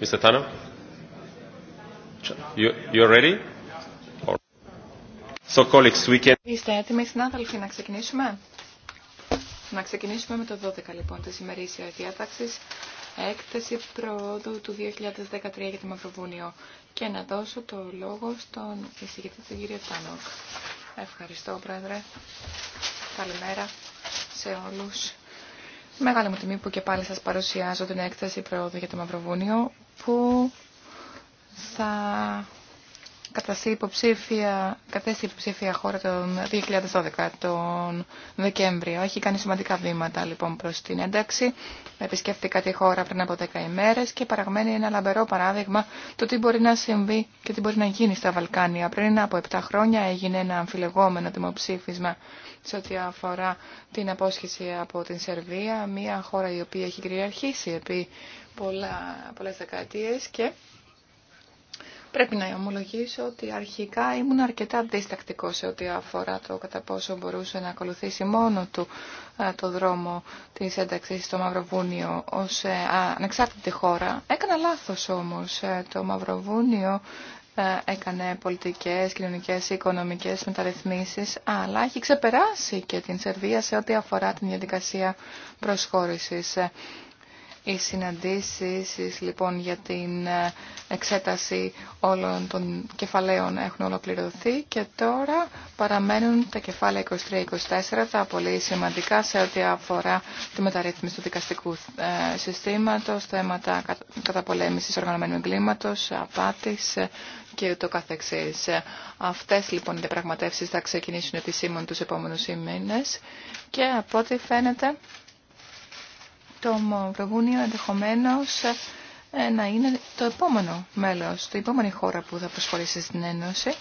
Mr. Tano? You, ready? So, colleagues, we can... Είστε έτοιμοι, συνάδελφοι, να ξεκινήσουμε. Να ξεκινήσουμε με το 12, λοιπόν, της ημερήσιας διάταξης. Έκθεση προόδου του 2013 για το Μαυροβούνιο. Και να δώσω το λόγο στον εισηγητή του κύριο Τάνοκ. Ευχαριστώ, Πρόεδρε. Καλημέρα σε όλους. Μεγάλη μου τιμή που και πάλι σας παρουσιάζω την έκθεση προόδου για το Μαυροβούνιο που θα υποψήφια, κατέστη υποψήφια χώρα το 2012, τον Δεκέμβριο. Έχει κάνει σημαντικά βήματα λοιπόν προς την ένταξη. Επισκέφθηκα τη χώρα πριν από 10 ημέρες και παραγμένει ένα λαμπερό παράδειγμα το τι μπορεί να συμβεί και τι μπορεί να γίνει στα Βαλκάνια. Πριν από 7 χρόνια έγινε ένα αμφιλεγόμενο δημοψήφισμα σε ό,τι αφορά την απόσχεση από την Σερβία, μια χώρα η οποία έχει κυριαρχήσει επί πολλά, πολλές δεκαετίες και Πρέπει να ομολογήσω ότι αρχικά ήμουν αρκετά αντίστακτικό σε ό,τι αφορά το κατά πόσο μπορούσε να ακολουθήσει μόνο του ε, το δρόμο της ένταξή στο Μαυροβούνιο ως ε, ανεξάρτητη χώρα. Έκανα λάθος όμως. Ε, το Μαυροβούνιο έκανε πολιτικές, κοινωνικέ, οικονομικές μεταρρυθμίσεις, αλλά έχει ξεπεράσει και την Σερβία σε ό,τι αφορά την διαδικασία προσχώρησης οι συναντήσεις λοιπόν για την ε, εξέταση όλων των κεφαλαίων έχουν ολοκληρωθεί και τώρα παραμένουν τα κεφάλαια 23-24, τα πολύ σημαντικά σε ό,τι αφορά τη μεταρρύθμιση του δικαστικού ε, συστήματος, θέματα καταπολέμησης οργανωμένου εγκλήματο, απάτης ε, και ούτω καθεξής. Αυτές λοιπόν οι διαπραγματεύσει θα ξεκινήσουν επισήμων τους επόμενους μήνες και από ό,τι φαίνεται το Μαυροβούνιο ενδεχομένω ε, να είναι το επόμενο μέλος, το επόμενη χώρα που θα προσχωρήσει στην Ένωση.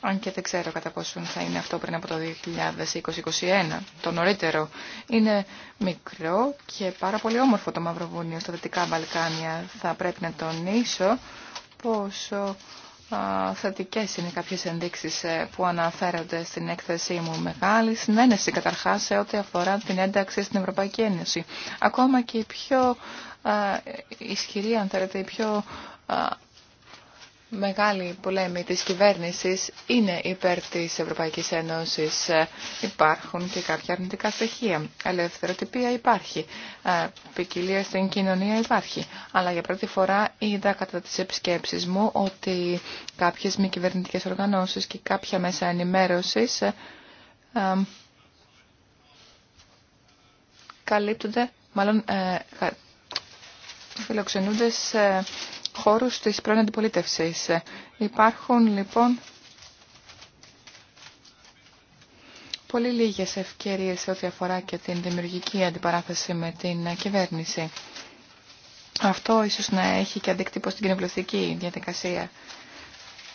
Αν και δεν ξέρω κατά πόσο θα είναι αυτό πριν από το 2021 το νωρίτερο. Είναι μικρό και πάρα πολύ όμορφο το Μαυροβούνιο στα Δυτικά Βαλκάνια. Θα πρέπει να τονίσω πόσο θετικές είναι κάποιες ενδείξεις ε, που αναφέρονται στην έκθεσή μου. Μεγάλη συνένεση καταρχάς σε ό,τι αφορά την ένταξη στην Ευρωπαϊκή Ένωση. Ακόμα και η πιο ε, ισχυρή, αν θέλετε, η πιο ε, μεγάλη πολέμη της κυβέρνησης είναι υπέρ της Ευρωπαϊκής Ένωσης. Ε, υπάρχουν και κάποια αρνητικά στοιχεία. Ελευθεροτυπία υπάρχει. Ε, ποικιλία στην κοινωνία υπάρχει. Αλλά για πρώτη φορά είδα κατά τις επισκέψεις μου ότι κάποιες μη κυβερνητικές οργανώσεις και κάποια μέσα ενημέρωσης ε, καλύπτονται, μάλλον φιλοξενούνται σε χώρους της πρώην αντιπολίτευσης. Υπάρχουν λοιπόν πολύ λίγες ευκαιρίες σε ό,τι αφορά και την δημιουργική αντιπαράθεση με την κυβέρνηση. Αυτό ίσως να έχει και αντίκτυπο στην κοινοβουλευτική διαδικασία.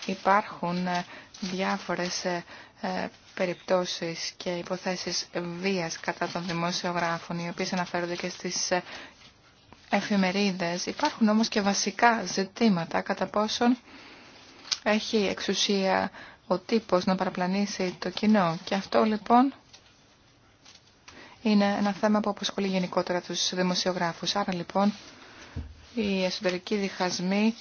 Υπάρχουν ε, διάφορες ε, ε, περιπτώσεις και υποθέσεις βίας κατά των δημοσιογράφων, οι οποίες αναφέρονται και στις εφημερίδες. Υπάρχουν όμως και βασικά ζητήματα κατά πόσον έχει εξουσία ο τύπος να παραπλανήσει το κοινό. Και αυτό λοιπόν είναι ένα θέμα που αποσχολεί γενικότερα τους δημοσιογράφους. Άρα λοιπόν οι εσωτερικοί διχασμοί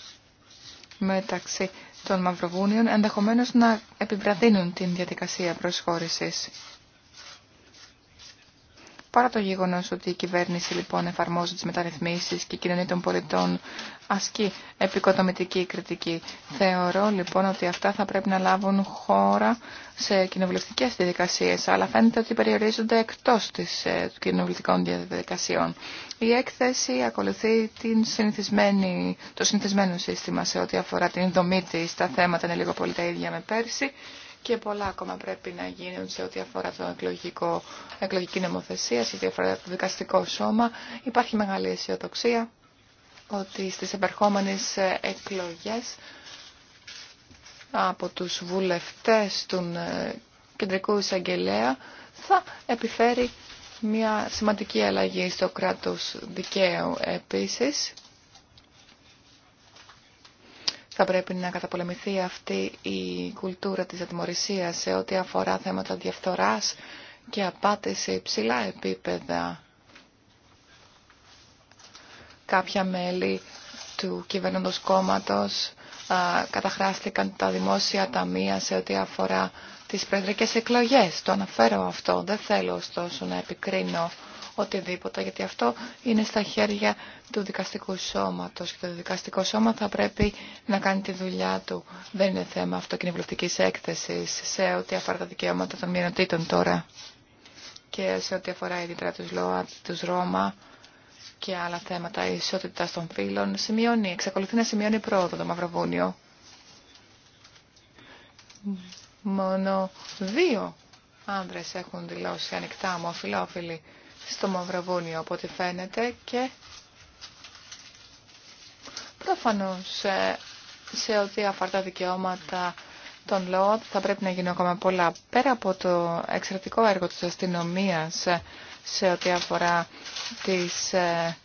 μεταξύ των Μαυροβούνιων ενδεχομένως να επιβραδύνουν την διαδικασία προσχώρησης. Παρά το γεγονό ότι η κυβέρνηση λοιπόν εφαρμόζει τι μεταρρυθμίσεις και η κοινωνία των πολιτών ασκεί επικοδομητική κριτική. Θεωρώ λοιπόν ότι αυτά θα πρέπει να λάβουν χώρα σε κοινοβουλευτικέ διαδικασίε, αλλά φαίνεται ότι περιορίζονται εκτός της ε, κοινοβουλευτικών διαδικασιών. Η έκθεση ακολουθεί την συνηθισμένη, το συνηθισμένο σύστημα σε ό,τι αφορά την δομή τη, τα θέματα είναι λίγο πολύ τα ίδια με πέρσι και πολλά ακόμα πρέπει να γίνουν σε ό,τι αφορά το εκλογικό, εκλογική νομοθεσία, σε ό,τι αφορά το δικαστικό σώμα. Υπάρχει μεγάλη αισιοδοξία ότι στις επερχόμενες εκλογές από τους βουλευτές του ε, κεντρικού εισαγγελέα θα επιφέρει μια σημαντική αλλαγή στο κράτος δικαίου επίσης θα πρέπει να καταπολεμηθεί αυτή η κουλτούρα της ατιμορρησίας σε ό,τι αφορά θέματα διαφθοράς και απάτη σε υψηλά επίπεδα. Κάποια μέλη του κυβερνώντος κόμματος καταχράστηκαν τα δημόσια ταμεία σε ό,τι αφορά τις προεδρικές εκλογές. Το αναφέρω αυτό. Δεν θέλω ωστόσο να επικρίνω οτιδήποτε, γιατί αυτό είναι στα χέρια του δικαστικού σώματος και το δικαστικό σώμα θα πρέπει να κάνει τη δουλειά του. Δεν είναι θέμα αυτοκοινοβουλευτικής έκθεσης σε ό,τι αφορά τα δικαιώματα των μειονοτήτων τώρα και σε ό,τι αφορά ιδιαίτερα τους ΛΟΑΤ, τους Ρώμα και άλλα θέματα ισότητα των φύλων, σημειώνει, εξακολουθεί να σημειώνει πρόοδο το Μαυροβούνιο. Μόνο δύο άνδρες έχουν δηλώσει ανοιχτά στο Μαυροβούνιο από ό,τι φαίνεται και προφανώς ε, σε ό,τι αφορά τα δικαιώματα των ΛΟΑΤ θα πρέπει να γίνουν ακόμα πολλά. Πέρα από το εξαιρετικό έργο της αστυνομίας ε, σε ό,τι αφορά τις, ε,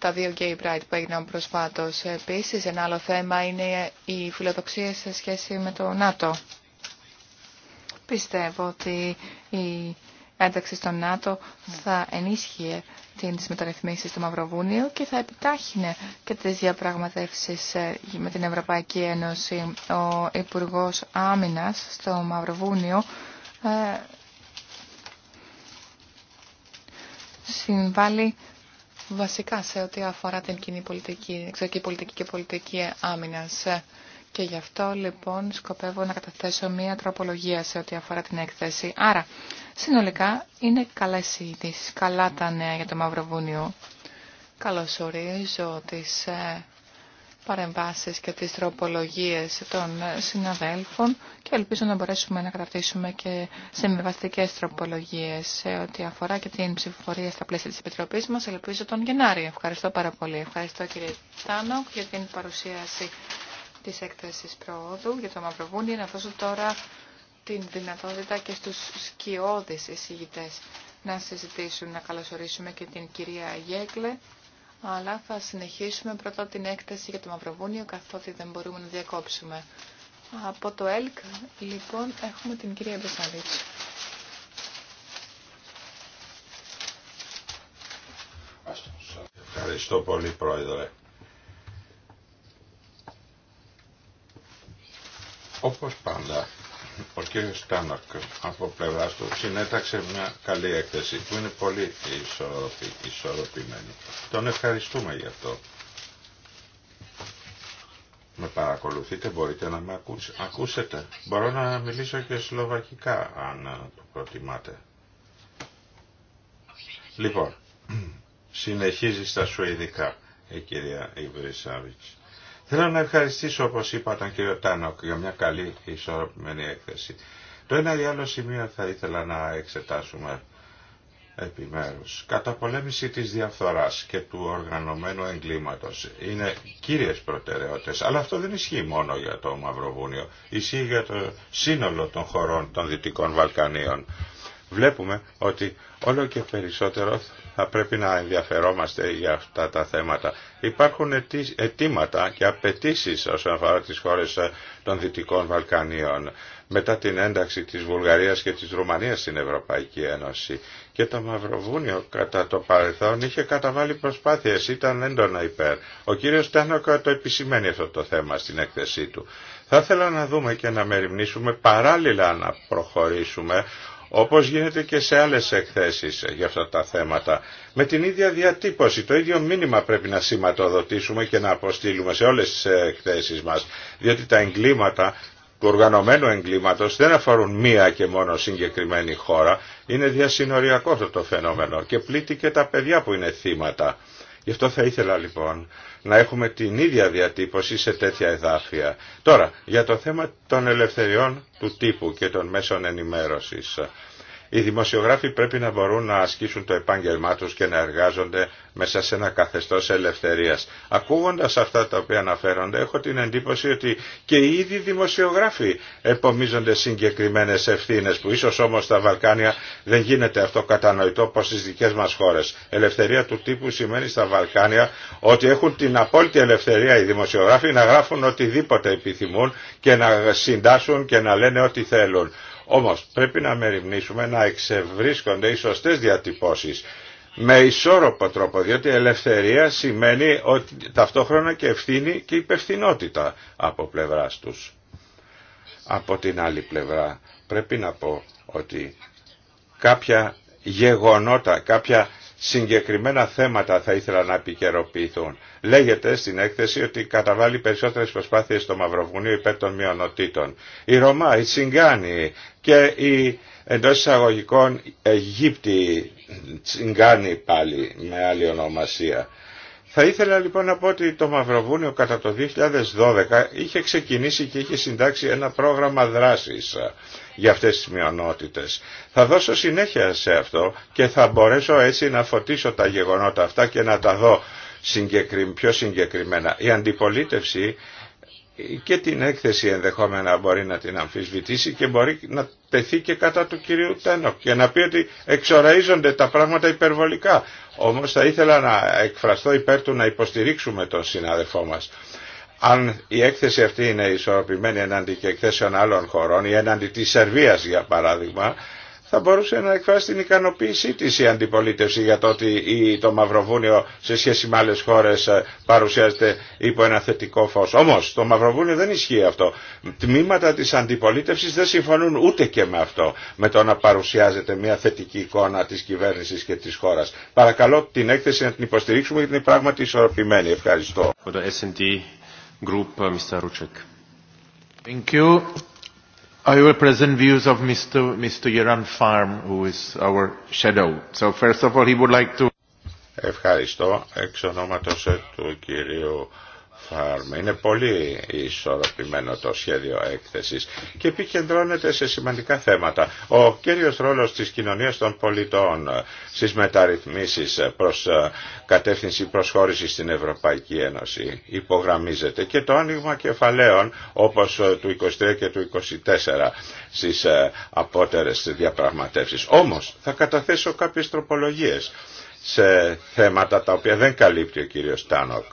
τα δύο gay pride που έγιναν προσφάτως. Επίσης, ένα άλλο θέμα είναι οι φιλοδοξίες σε σχέση με το ΝΑΤΟ. Πιστεύω ότι η ένταξη στο ΝΑΤΟ θα ενίσχυε τις μεταρρυθμίσεις του Μαυροβούνιο και θα επιτάχυνε και τις διαπραγματεύσεις ε, με την Ευρωπαϊκή Ένωση. Ο Υπουργός Άμυνας στο Μαυροβούνιο ε, συμβάλλει βασικά σε ό,τι αφορά την κοινή πολιτική, πολιτική και πολιτική άμυνας. Και γι' αυτό λοιπόν σκοπεύω να καταθέσω μία τροπολογία σε ό,τι αφορά την έκθεση. Άρα, συνολικά είναι καλέ οι καλά τα νέα για το Μαυροβούνιο. Καλωσορίζω τις ε, παρεμβάσει και τι τροπολογίε των ε, συναδέλφων και ελπίζω να μπορέσουμε να καταρτήσουμε και συμβιβαστικέ τροπολογίε σε ό,τι αφορά και την ψηφοφορία στα πλαίσια τη Επιτροπή μα, Ελπίζω τον Γενάρη. Ευχαριστώ πάρα πολύ. Ευχαριστώ κύριε Τάνοκ για την παρουσίαση Τη έκθεσης προόδου για το Μαυροβούνιο να δώσω τώρα την δυνατότητα και στους σκιώδεις εισηγητές να συζητήσουν, να καλωσορίσουμε και την κυρία Γέκλε, αλλά θα συνεχίσουμε πρώτα την έκθεση για το Μαυροβούνιο, καθότι δεν μπορούμε να διακόψουμε. Από το ΕΛΚ, λοιπόν, έχουμε την κυρία Μπεσαβίτς. Ευχαριστώ πολύ, Πρόεδρε. Όπως πάντα, ο κύριος Στάνοκ από πλευράς του συνέταξε μια καλή έκθεση που είναι πολύ ισορροπη, ισορροπημένη. Τον ευχαριστούμε γι' αυτό. Με παρακολουθείτε, μπορείτε να με ακούσετε. Μπορώ να μιλήσω και σλοβακικά, αν το προτιμάτε. Λοιπόν, συνεχίζει στα σουηδικά η κυρία Ιβρισάβιτς. Θέλω να ευχαριστήσω όπως είπα τον κύριο Τάνοκ για μια καλή ισορροπημένη έκθεση. Το ένα ή άλλο σημείο θα ήθελα να εξετάσουμε επιμέρους. πολέμηση της διαφθοράς και του οργανωμένου εγκλήματος είναι κύριες προτεραιότητες, αλλά αυτό δεν ισχύει μόνο για το Μαυροβούνιο, ισχύει για το σύνολο των χωρών των Δυτικών Βαλκανίων βλέπουμε ότι όλο και περισσότερο θα πρέπει να ενδιαφερόμαστε για αυτά τα θέματα. Υπάρχουν αιτήματα και απαιτήσει όσον αφορά τις χώρες ε, των Δυτικών Βαλκανίων μετά την ένταξη της Βουλγαρίας και της Ρουμανίας στην Ευρωπαϊκή Ένωση. Και το Μαυροβούνιο κατά το παρελθόν είχε καταβάλει προσπάθειες, ήταν έντονα υπέρ. Ο κύριος Τένοκα το επισημαίνει αυτό το θέμα στην έκθεσή του. Θα ήθελα να δούμε και να μεριμνήσουμε παράλληλα να προχωρήσουμε όπως γίνεται και σε άλλες εκθέσεις για αυτά τα θέματα. Με την ίδια διατύπωση, το ίδιο μήνυμα πρέπει να σηματοδοτήσουμε και να αποστείλουμε σε όλες τις εκθέσεις μας, διότι τα εγκλήματα του οργανωμένου εγκλήματος δεν αφορούν μία και μόνο συγκεκριμένη χώρα, είναι διασυνοριακό αυτό το φαινόμενο και πλήττει και τα παιδιά που είναι θύματα. Γι' αυτό θα ήθελα λοιπόν να έχουμε την ίδια διατύπωση σε τέτοια εδάφια. Τώρα, για το θέμα των ελευθεριών του τύπου και των μέσων ενημέρωσης. Οι δημοσιογράφοι πρέπει να μπορούν να ασκήσουν το επάγγελμά τους και να εργάζονται μέσα σε ένα καθεστώς ελευθερίας. Ακούγοντας αυτά τα οποία αναφέρονται, έχω την εντύπωση ότι και οι ίδιοι δημοσιογράφοι επομίζονται συγκεκριμένες ευθύνες που ίσως όμως στα Βαλκάνια δεν γίνεται αυτό κατανοητό όπως στις δικές μας χώρες. Ελευθερία του τύπου σημαίνει στα Βαλκάνια ότι έχουν την απόλυτη ελευθερία οι δημοσιογράφοι να γράφουν οτιδήποτε επιθυμούν και να συντάσσουν και να λένε ό,τι θέλουν. Όμως πρέπει να μεριμνήσουμε να εξευρίσκονται οι σωστές διατυπώσεις με ισόρροπο τρόπο, διότι ελευθερία σημαίνει ότι ταυτόχρονα και ευθύνη και υπευθυνότητα από πλευράς τους. Από την άλλη πλευρά πρέπει να πω ότι κάποια γεγονότα, κάποια συγκεκριμένα θέματα θα ήθελα να επικαιροποιηθούν. Λέγεται στην έκθεση ότι καταβάλει περισσότερες προσπάθειες στο Μαυροβουνίο υπέρ των μειονοτήτων. Η Ρωμά, η Τσιγκάνη και η εντό εισαγωγικών Αιγύπτη Τσιγκάνη πάλι με άλλη ονομασία. Θα ήθελα λοιπόν να πω ότι το Μαυροβούνιο κατά το 2012 είχε ξεκινήσει και είχε συντάξει ένα πρόγραμμα δράσης για αυτές τις μειονότητες. Θα δώσω συνέχεια σε αυτό και θα μπορέσω έτσι να φωτίσω τα γεγονότα αυτά και να τα δω πιο συγκεκριμένα. Η αντιπολίτευση και την έκθεση ενδεχόμενα μπορεί να την αμφισβητήσει και μπορεί να τεθεί και κατά του κυρίου Τένοκ και να πει ότι εξοραίζονται τα πράγματα υπερβολικά. Όμως θα ήθελα να εκφραστώ υπέρ του να υποστηρίξουμε τον συνάδελφό μας αν η έκθεση αυτή είναι ισορροπημένη εναντί και εκθέσεων άλλων χωρών ή εναντί της Σερβίας για παράδειγμα, θα μπορούσε να εκφράσει την ικανοποίησή τη η αντιπολίτευση για το ότι το Μαυροβούνιο σε σχέση με άλλε χώρε ε, παρουσιάζεται υπό ένα θετικό φω. Όμω το Μαυροβούνιο δεν ισχύει αυτό. Τμήματα τη αντιπολίτευση δεν συμφωνούν ούτε και με αυτό, με το να παρουσιάζεται μια θετική εικόνα τη κυβέρνηση και τη χώρα. Παρακαλώ την έκθεση να την υποστηρίξουμε γιατί είναι πράγματι ισορροπημένη. Ευχαριστώ group, Mr. Ruček. Thank you. I will present views of Mr. Mr. Yeran Farm, who is our shadow. So first of all, he would like to... Ευχαριστώ. Εξ ονόματος του κυρίου είναι πολύ ισορροπημένο το σχέδιο έκθεσης και επικεντρώνεται σε σημαντικά θέματα. Ο κύριος ρόλος της κοινωνίας των πολιτών στις μεταρρυθμίσεις προς ε, κατεύθυνση προσχώρησης στην Ευρωπαϊκή Ένωση υπογραμμίζεται και το άνοιγμα κεφαλαίων όπως ε, του 23 και του 24 στις ε, απότερες διαπραγματεύσεις. Όμως θα καταθέσω κάποιες τροπολογίες σε θέματα τα οποία δεν καλύπτει ο κύριος Τάνοκ.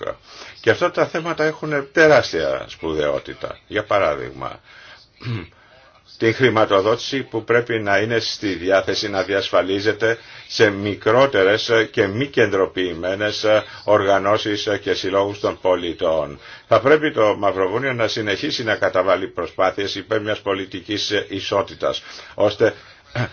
Και αυτά τα θέματα έχουν τεράστια σπουδαιότητα. Για παράδειγμα, την χρηματοδότηση που πρέπει να είναι στη διάθεση να διασφαλίζεται σε μικρότερες και μη κεντροποιημένες οργανώσεις και συλλόγους των πολιτών. Θα πρέπει το Μαυροβούνιο να συνεχίσει να καταβάλει προσπάθειες υπέρ μιας πολιτικής ισότητας, ώστε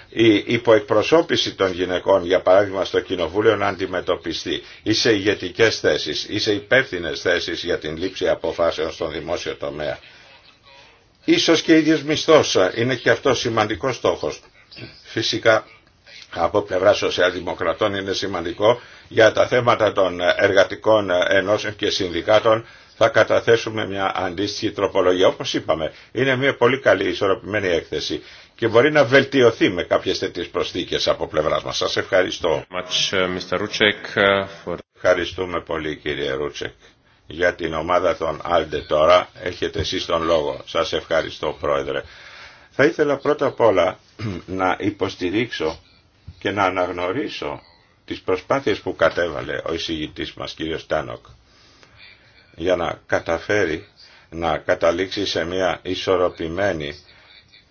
η υποεκπροσώπηση των γυναικών για παράδειγμα στο κοινοβούλιο να αντιμετωπιστεί ή σε ηγετικέ θέσει, ή σε υπεύθυνε θέσεις για την λήψη αποφάσεων στον δημόσιο τομέα. Ίσως και ίδιος μισθός ε, είναι και αυτό σημαντικός στόχος. Φυσικά από πλευρά σοσιαλδημοκρατών είναι σημαντικό για τα θέματα των εργατικών ενώσεων και συνδικάτων θα καταθέσουμε μια αντίστοιχη τροπολογία. Όπως είπαμε, είναι μια πολύ καλή ισορροπημένη έκθεση και μπορεί να βελτιωθεί με κάποιες τέτοιες προσθήκες από πλευράς μας. Σας ευχαριστώ. Uh, uh, Ευχαριστούμε πολύ κύριε Ρούτσεκ. Για την ομάδα των Άλντε τώρα έχετε εσείς τον λόγο. Σας ευχαριστώ πρόεδρε. Θα ήθελα πρώτα απ' όλα να υποστηρίξω και να αναγνωρίσω τις προσπάθειες που κατέβαλε ο εισηγητής μας κύριος Τάνοκ για να καταφέρει να καταλήξει σε μια ισορροπημένη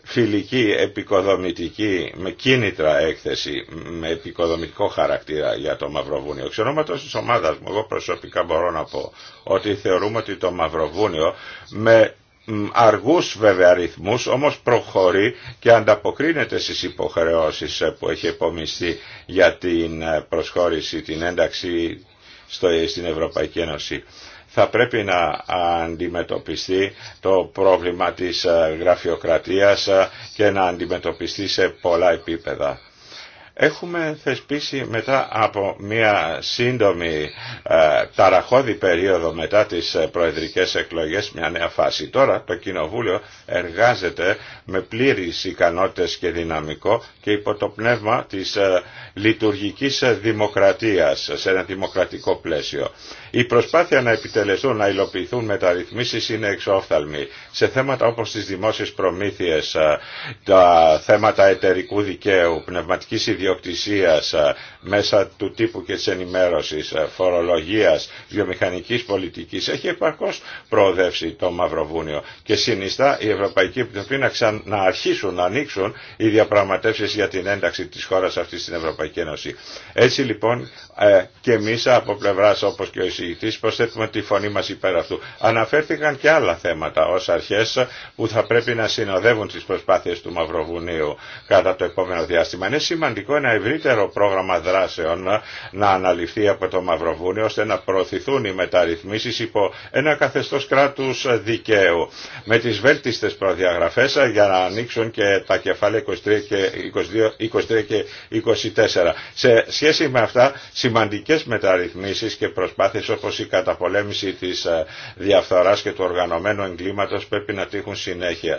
φιλική, επικοδομητική, με κίνητρα έκθεση, με επικοδομητικό χαρακτήρα για το Μαυροβούνιο. Ξενόματος τη της μου, εγώ προσωπικά μπορώ να πω ότι θεωρούμε ότι το Μαυροβούνιο με αργούς βέβαια ρυθμούς, όμως προχωρεί και ανταποκρίνεται στις υποχρεώσεις που έχει επομιστεί για την ε, προσχώρηση, την ένταξη ε, στην Ευρωπαϊκή Ένωση θα πρέπει να αντιμετωπιστεί το πρόβλημα της ε, γραφειοκρατίας ε, και να αντιμετωπιστεί σε πολλά επίπεδα. Έχουμε θεσπίσει μετά από μια σύντομη ε, ταραχώδη περίοδο μετά τις ε, προεδρικές εκλογές μια νέα φάση. Τώρα το Κοινοβούλιο εργάζεται με πλήρης ικανότητες και δυναμικό και υπό το πνεύμα της ε, λειτουργικής δημοκρατίας σε ένα δημοκρατικό πλαίσιο. Η προσπάθεια να επιτελεστούν, να υλοποιηθούν μεταρρυθμίσεις είναι εξόφθαλμη. Σε θέματα όπως τις δημόσιες προμήθειες, τα θέματα εταιρικού δικαίου, πνευματικής ιδιοκτησίας, μέσα του τύπου και της ενημέρωσης, φορολογίας, βιομηχανικής πολιτικής, έχει επαρκώς προοδεύσει το Μαυροβούνιο και συνιστά η Ευρωπαϊκή Επιτροπή να, να αρχίσουν να ανοίξουν οι διαπραγματεύσεις για την ένταξη της χώρας αυτής στην Ευρωπαϊκή Ένωση. Έτσι λοιπόν ε, και εμείς από πλευράς όπως και ο εισηγητής προσθέτουμε τη φωνή μας υπέρ αυτού. Αναφέρθηκαν και άλλα θέματα ως αρχές που θα πρέπει να συνοδεύουν τις προσπάθειες του Μαυροβουνίου κατά το επόμενο διάστημα. Είναι σημαντικό ένα ευρύτερο πρόγραμμα δράσεων να αναλυφθεί από το Μαυροβούνιο ώστε να προωθηθούν οι μεταρρυθμίσεις υπό ένα καθεστώς κράτους δικαίου με τις βέλτιστες προδιαγραφές για να ανοίξουν και τα κεφάλαια 23 και, 22, 23 και 24. Σε σχέση με αυτά σημαντικές μεταρρυθμίσεις και προσπάθειες όπω όπως η καταπολέμηση της ε, διαφθοράς και του οργανωμένου εγκλήματος πρέπει να τύχουν συνέχεια.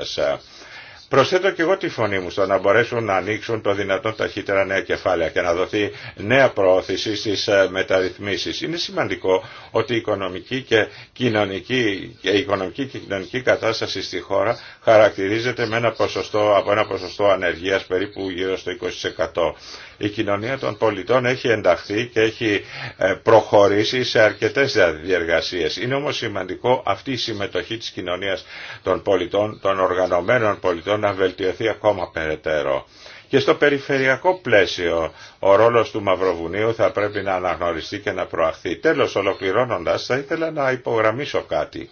Προσθέτω και εγώ τη φωνή μου στο να μπορέσουν να ανοίξουν το δυνατόν ταχύτερα νέα κεφάλαια και να δοθεί νέα προώθηση στις ε, μεταρρυθμίσεις. Είναι σημαντικό ότι η οικονομική και, κοινωνική, η οικονομική και κοινωνική κατάσταση στη χώρα χαρακτηρίζεται με ένα ποσοστό, από ένα ποσοστό ανεργίας περίπου γύρω στο 20% η κοινωνία των πολιτών έχει ενταχθεί και έχει ε, προχωρήσει σε αρκετές διεργασίες. Είναι όμως σημαντικό αυτή η συμμετοχή της κοινωνίας των πολιτών, των οργανωμένων πολιτών να βελτιωθεί ακόμα περαιτέρω. Και στο περιφερειακό πλαίσιο ο ρόλος του Μαυροβουνίου θα πρέπει να αναγνωριστεί και να προαχθεί. Τέλος, ολοκληρώνοντας, θα ήθελα να υπογραμμίσω κάτι.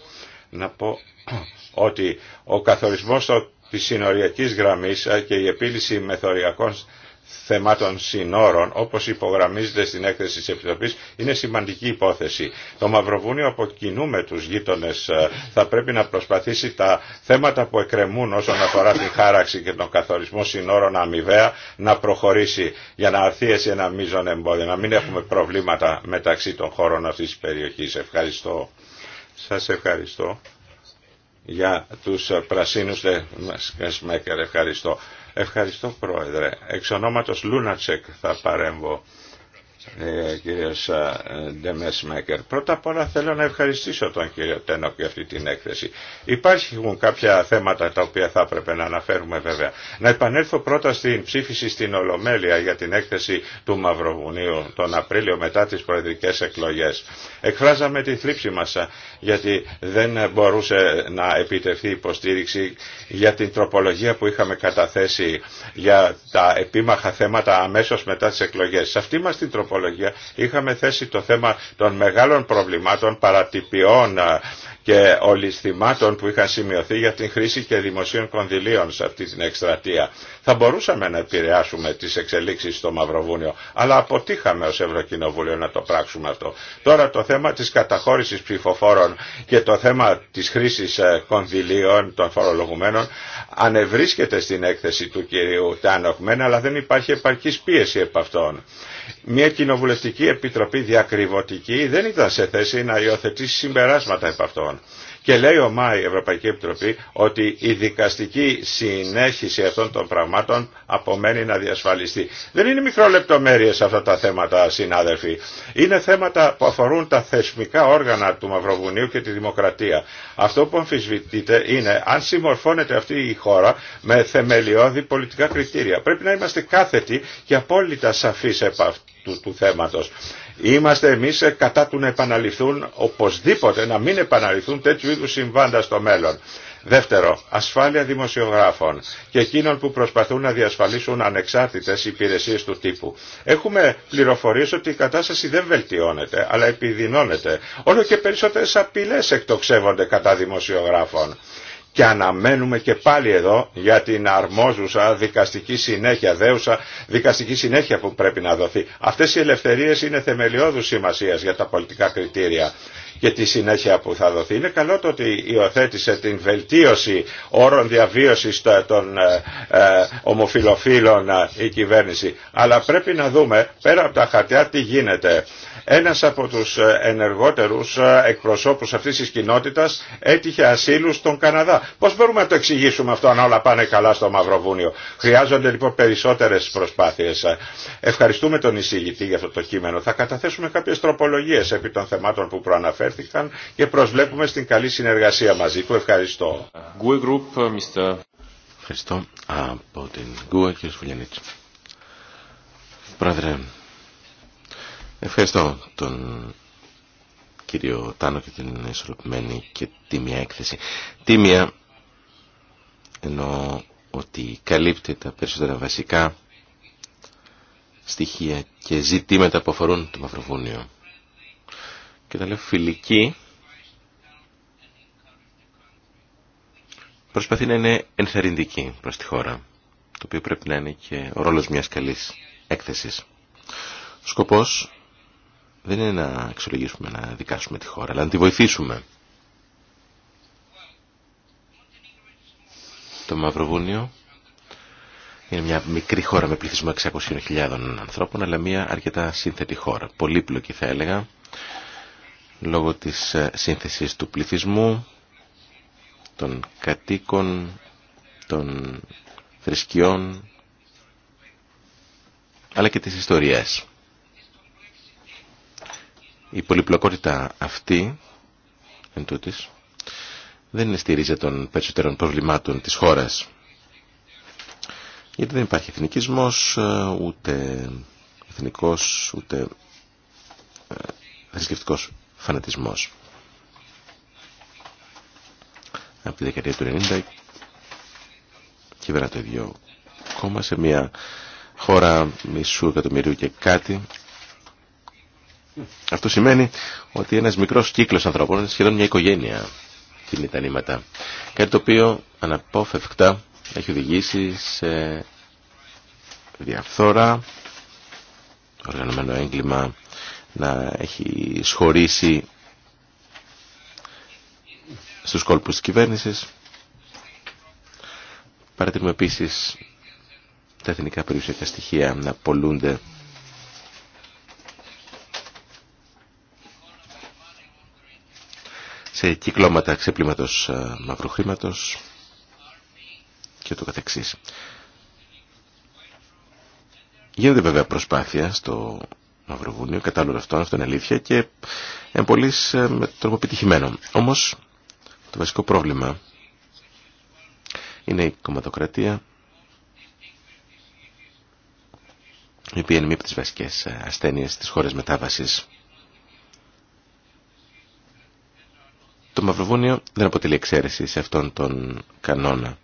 Να πω ότι ο καθορισμός της συνοριακής γραμμής ε, και η επίλυση μεθοριακών θεμάτων συνόρων, όπως υπογραμμίζεται στην έκθεση της Επιτροπής, είναι σημαντική υπόθεση. Το Μαυροβούνιο από κοινού με τους γείτονες ε, θα πρέπει να προσπαθήσει τα θέματα που εκκρεμούν όσον αφορά την χάραξη και τον καθορισμό συνόρων αμοιβαία να προχωρήσει για να αρθεί έτσι ένα μείζον εμπόδιο, να μην έχουμε προβλήματα μεταξύ των χώρων αυτής της περιοχής. Ευχαριστώ. Σας ευχαριστώ για τους ε, πρασίνους ε, Ευχαριστώ. Ευχαριστώ Πρόεδρε. Εξ ονόματος Λούνατσεκ θα παρέμβω. Ε, κύριος ε, Ντεμές Μέκερ. Πρώτα απ' όλα θέλω να ευχαριστήσω τον κύριο Τένοκ για αυτή την έκθεση. Υπάρχουν κάποια θέματα τα οποία θα έπρεπε να αναφέρουμε βέβαια. Να επανέλθω πρώτα στην ψήφιση στην Ολομέλεια για την έκθεση του Μαυροβουνίου τον Απρίλιο μετά τις προεδρικές εκλογές. Εκφράζαμε τη θλίψη μας ε, γιατί δεν μπορούσε να επιτευχθεί υποστήριξη για την τροπολογία που είχαμε καταθέσει για τα επίμαχα θέματα αμέσως μετά τις εκλογές. αυτή μας την τροπολογία είχαμε θέσει το θέμα των μεγάλων προβλημάτων παρατυπιών ε, και ολισθημάτων που είχαν σημειωθεί για την χρήση και δημοσίων κονδυλίων σε αυτή την εκστρατεία. Θα μπορούσαμε να επηρεάσουμε τις εξελίξεις στο Μαυροβούνιο, αλλά αποτύχαμε ως Ευρωκοινοβούλιο να το πράξουμε αυτό. Τώρα το θέμα της καταχώρησης ψηφοφόρων και το θέμα της χρήσης ε, κονδυλίων των φορολογουμένων ανεβρίσκεται στην έκθεση του κυρίου Μένα, αλλά δεν υπάρχει επαρκής πίεση επ' αυτών. Μια κοινοβουλευτική επιτροπή διακριβωτική δεν ήταν σε θέση να υιοθετήσει συμπεράσματα επ' αυτών. Και λέει ΜΑΗ, η Ευρωπαϊκή Επιτροπή ότι η δικαστική συνέχιση αυτών των πραγμάτων απομένει να διασφαλιστεί. Δεν είναι μικρολεπτομέρειες αυτά τα θέματα, συνάδελφοι. Είναι θέματα που αφορούν τα θεσμικά όργανα του Μαυροβουνίου και τη δημοκρατία. Αυτό που αμφισβητείται είναι αν συμμορφώνεται αυτή η χώρα με θεμελιώδη πολιτικά κριτήρια. Πρέπει να είμαστε κάθετοι και απόλυτα σαφείς επ' αυτού του θέματος. Είμαστε εμείς ε, κατά του να επαναληφθούν οπωσδήποτε, να μην επαναληφθούν τέτοιου είδου συμβάντα στο μέλλον. Δεύτερο, ασφάλεια δημοσιογράφων και εκείνων που προσπαθούν να διασφαλίσουν ανεξάρτητες υπηρεσίες του τύπου. Έχουμε πληροφορίες ότι η κατάσταση δεν βελτιώνεται, αλλά επιδεινώνεται. Όλο και περισσότερες απειλές εκτοξεύονται κατά δημοσιογράφων και αναμένουμε και πάλι εδώ για την αρμόζουσα δικαστική συνέχεια, δέουσα δικαστική συνέχεια που πρέπει να δοθεί. Αυτές οι ελευθερίες είναι θεμελιώδους σημασίας για τα πολιτικά κριτήρια και τη συνέχεια που θα δοθεί. Είναι καλό το ότι υιοθέτησε την βελτίωση όρων διαβίωσης των ε, ε, ομοφιλοφίλων ε, η κυβέρνηση. Αλλά πρέπει να δούμε πέρα από τα χαρτιά τι γίνεται. Ένας από τους ενεργότερους εκπροσώπους αυτής της κοινότητας έτυχε ασύλου στον Καναδά. Πώς μπορούμε να το εξηγήσουμε αυτό αν όλα πάνε καλά στο Μαυροβούνιο. Χρειάζονται λοιπόν περισσότερες προσπάθειες. Ευχαριστούμε τον εισηγητή για αυτό το κείμενο. Θα καταθέσουμε κάποιες τροπολογίες επί των θεμάτων που προαναφέρει αναφέρθηκαν και προσβλέπουμε στην καλή συνεργασία μαζί του. Ευχαριστώ. Google Group, Mr. Ευχαριστώ από την Google, κ. Φουλιανίτς. Πρόεδρε, ευχαριστώ τον κύριο Τάνο και την ισορροπημένη και τίμια έκθεση. Τίμια ενώ ότι καλύπτει τα περισσότερα βασικά στοιχεία και ζητήματα που αφορούν το Μαυροβούνιο και τα λέω φιλική, προσπαθεί να είναι ενθαρρυντική προς τη χώρα, το οποίο πρέπει να είναι και ο ρόλος μιας καλής έκθεσης. Ο σκοπός δεν είναι να αξιολογήσουμε, να δικάσουμε τη χώρα, αλλά να τη βοηθήσουμε. Το Μαυροβούνιο είναι μια μικρή χώρα με πληθυσμό 600.000 ανθρώπων, αλλά μια αρκετά σύνθετη χώρα, πολύπλοκη θα έλεγα, λόγω της ε, σύνθεσης του πληθυσμού, των κατοίκων, των θρησκειών, αλλά και της ιστορίας. Η πολυπλοκότητα αυτή, εν τούτης, δεν είναι στη ρίζα των περισσότερων προβλημάτων της χώρας. Γιατί δεν υπάρχει εθνικισμός, ε, ούτε εθνικός, ούτε ε, θρησκευτικός φανατισμός. Από τη δεκαετία του 90 κυβερνά το ίδιο κόμμα σε μια χώρα μισού εκατομμυρίου και κάτι. Αυτό σημαίνει ότι ένας μικρός κύκλος ανθρώπων, είναι σχεδόν μια οικογένεια, κινεί τα νήματα. Κάτι το οποίο αναπόφευκτα έχει οδηγήσει σε διαφθόρα, οργανωμένο έγκλημα να έχει σχωρήσει στους κόλπους της κυβέρνησης. Παρατηρούμε επίσης τα εθνικά περιουσιακά στοιχεία να πολλούνται σε κυκλώματα ξεπλήματος ε, μαύρου χρήματος και το καθεξής. Γίνεται βέβαια προσπάθεια στο Μαυροβούνιο, κατάλληλο αυτό, αυτό είναι αλήθεια και εν ε, με τρόπο επιτυχημένο. Όμως το βασικό πρόβλημα είναι η κομματοκρατία, η οποία είναι μία από τι βασικέ ε, ασθένειε τη χώρα μετάβασης. Το Μαυροβούνιο δεν αποτελεί εξαίρεση σε αυτόν τον κανόνα.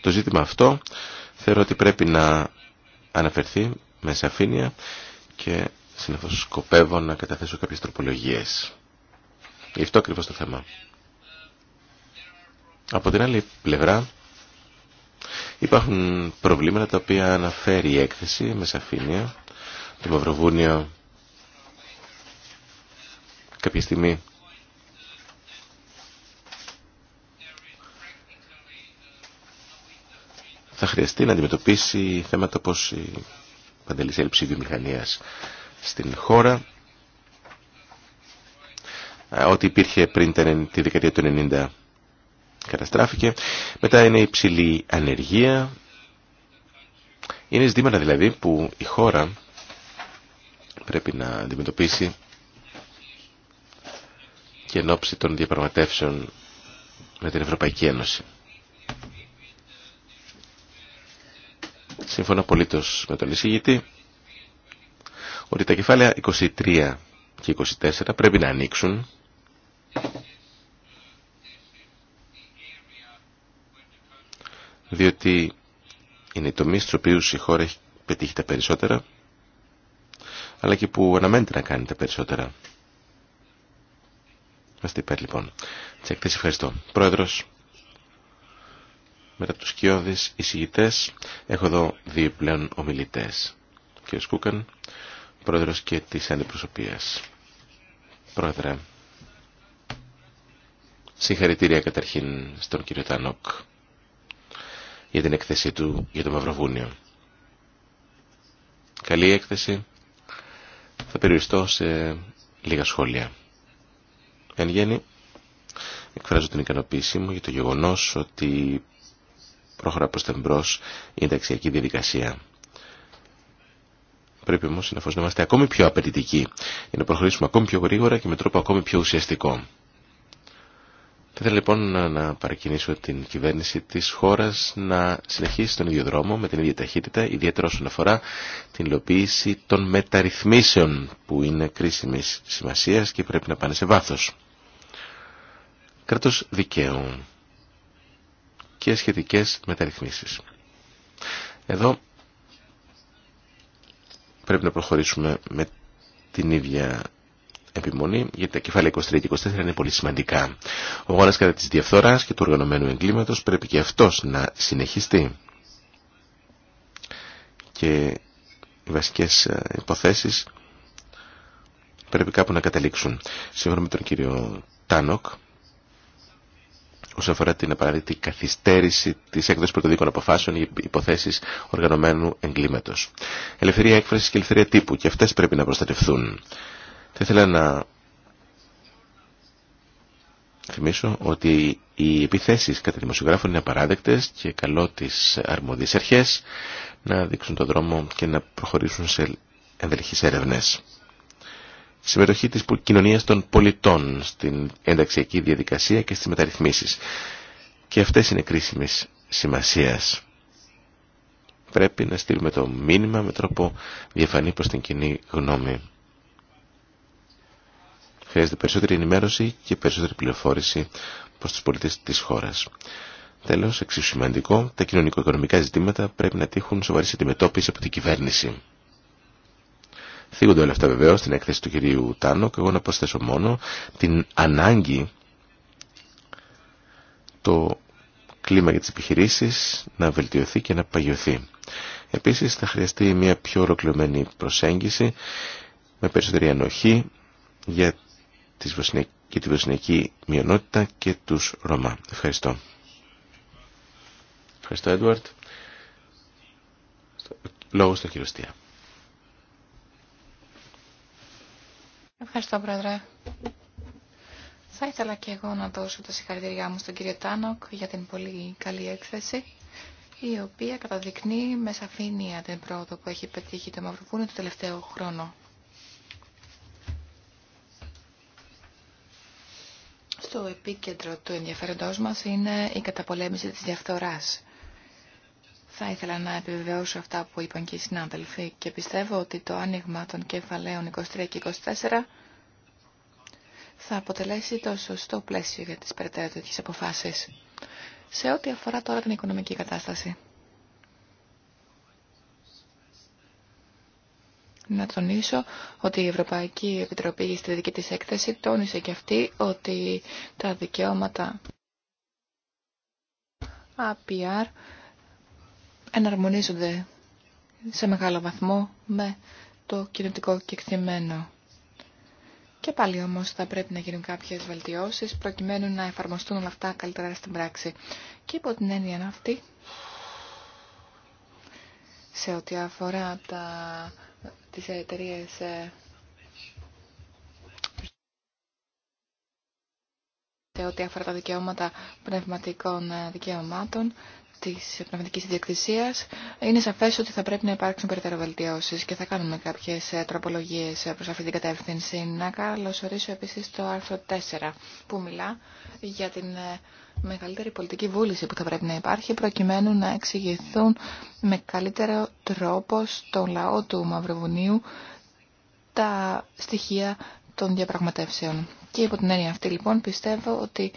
Το ζήτημα αυτό θεωρώ ότι πρέπει να αναφερθεί με σαφήνεια και συνεχώς σκοπεύω να καταθέσω κάποιες τροπολογίες. Γι' αυτό ακριβώς το θέμα. Από την άλλη πλευρά υπάρχουν προβλήματα τα οποία αναφέρει η έκθεση με σαφήνεια. Το Μαυροβούνιο κάποια στιγμή θα χρειαστεί να αντιμετωπίσει θέματα όπως η παντελής έλλειψη βιομηχανίας στην χώρα, ό,τι υπήρχε πριν τη δεκαετία του 90 καταστράφηκε, μετά είναι η υψηλή ανεργία, είναι ζητήματα δηλαδή που η χώρα πρέπει να αντιμετωπίσει και εν των διαπραγματεύσεων με την Ευρωπαϊκή Ένωση. Σύμφωνα απολύτως με τον εισηγητή ότι τα κεφάλαια 23 και 24 πρέπει να ανοίξουν διότι είναι οι τομείς στους οποίους η χώρα έχει πετύχει τα περισσότερα αλλά και που αναμένεται να κάνει τα περισσότερα. Είμαστε υπέρ λοιπόν. Τσεκ, ευχαριστώ. Πρόεδρος μετά του κοιόδης εισηγητές. Έχω εδώ δύο πλέον ομιλητές. Κύριος Κούκαν, πρόεδρος και της αντιπροσωπείας. Πρόεδρε, συγχαρητήρια καταρχήν στον κύριο Τάνοκ για την έκθεσή του για το Μαυροβούνιο. Καλή έκθεση. Θα περιοριστώ σε λίγα σχόλια. Εν γέννη, εκφράζω την ικανοποίησή μου για το γεγονός ότι προχωρά προς τον μπρός η ενταξιακή διαδικασία. Πρέπει όμως να είμαστε ακόμη πιο απαιτητικοί για να προχωρήσουμε ακόμη πιο γρήγορα και με τρόπο ακόμη πιο ουσιαστικό. Θα ήθελα λοιπόν να παρακινήσω την κυβέρνηση τη χώρα να συνεχίσει τον ίδιο δρόμο με την ίδια ταχύτητα, ιδιαίτερα όσον αφορά την υλοποίηση των μεταρρυθμίσεων που είναι κρίσιμη σημασία και πρέπει να πάνε σε βάθο. Κράτο δικαίου και σχετικές μεταρρυθμίσεις. Εδώ πρέπει να προχωρήσουμε με την ίδια επιμονή, γιατί τα κεφάλαια 23 και 24 είναι πολύ σημαντικά. Ο αγώνας κατά της διαφθοράς και του οργανωμένου εγκλήματος πρέπει και αυτός να συνεχιστεί. Και οι βασικές ε, υποθέσεις πρέπει κάπου να καταλήξουν. Σύμφωνα με τον κύριο Τάνοκ, όσον αφορά την απαραίτητη καθυστέρηση της έκδοσης πρωτοδίκων αποφάσεων ή υποθέσει οργανωμένου εγκλήματος. Ελευθερία έκφραση και ελευθερία τύπου και αυτές πρέπει να προστατευθούν. Θα ήθελα να θυμίσω ότι οι επιθέσει κατά δημοσιογράφων είναι απαράδεκτες και καλό τι αρμόδιες αρχές να δείξουν τον δρόμο και να προχωρήσουν σε ενδελεχεί έρευνε συμμετοχή της κοινωνίας των πολιτών στην ενταξιακή διαδικασία και στις μεταρρυθμίσεις. Και αυτές είναι κρίσιμες σημασίας. Πρέπει να στείλουμε το μήνυμα με τρόπο διαφανή προς την κοινή γνώμη. Χρειάζεται περισσότερη ενημέρωση και περισσότερη πληροφόρηση προς τους πολίτες της χώρας. Τέλος, εξίσου σημαντικό, τα κοινωνικο-οικονομικά ζητήματα πρέπει να τύχουν σοβαρή αντιμετώπιση από την κυβέρνηση. Θίγονται όλα αυτά βεβαίω στην έκθεση του κυρίου Τάνο και εγώ να προσθέσω μόνο την ανάγκη το κλίμα για τις επιχειρήσεις να βελτιωθεί και να παγιωθεί. Επίσης θα χρειαστεί μια πιο ολοκληρωμένη προσέγγιση με περισσότερη ανοχή για τη βοσνιακή μειονότητα και τους Ρωμά. Ευχαριστώ. Ευχαριστώ, Έντουαρτ. Λόγο στον κύριο Στία. Ευχαριστώ, Πρόεδρε. Θα ήθελα και εγώ να δώσω τα συγχαρητήριά μου στον κύριο Τάνοκ για την πολύ καλή έκθεση, η οποία καταδεικνύει με σαφήνεια την πρόοδο που έχει πετύχει το Μαυροβούνιο το τελευταίο χρόνο. Στο επίκεντρο του ενδιαφέροντός μας είναι η καταπολέμηση της διαφθοράς. Θα ήθελα να επιβεβαιώσω αυτά που είπαν και οι συνάδελφοι και πιστεύω ότι το άνοιγμα των κεφαλαίων 23 και 24 θα αποτελέσει το σωστό πλαίσιο για τις περαιτέρω αποφάσει. αποφάσεις. Σε ό,τι αφορά τώρα την οικονομική κατάσταση. Να τονίσω ότι η Ευρωπαϊκή Επιτροπή στη δική της έκθεση τόνισε και αυτή ότι τα δικαιώματα APR εναρμονίζονται σε μεγάλο βαθμό με το κινητικό κεκτημένο. Και πάλι όμως θα πρέπει να γίνουν κάποιες βελτιώσεις προκειμένου να εφαρμοστούν όλα αυτά καλύτερα στην πράξη. Και υπό την έννοια αυτή, σε ό,τι αφορά τα, τις εταιρείε. Ε, σε ό,τι αφορά τα δικαιώματα πνευματικών ε, δικαιωμάτων, της πνευματικής ιδιοκτησίας είναι σαφές ότι θα πρέπει να υπάρξουν περαιτέρω βελτιώσεις και θα κάνουμε κάποιες ε, τροπολογίες ε, προς αυτή την κατεύθυνση. Να καλωσορίσω επίσης το άρθρο 4 που μιλά για την ε, μεγαλύτερη πολιτική βούληση που θα πρέπει να υπάρχει προκειμένου να εξηγηθούν με καλύτερο τρόπο στο λαό του Μαυροβουνίου τα στοιχεία των διαπραγματεύσεων. Και υπό την έννοια αυτή λοιπόν πιστεύω ότι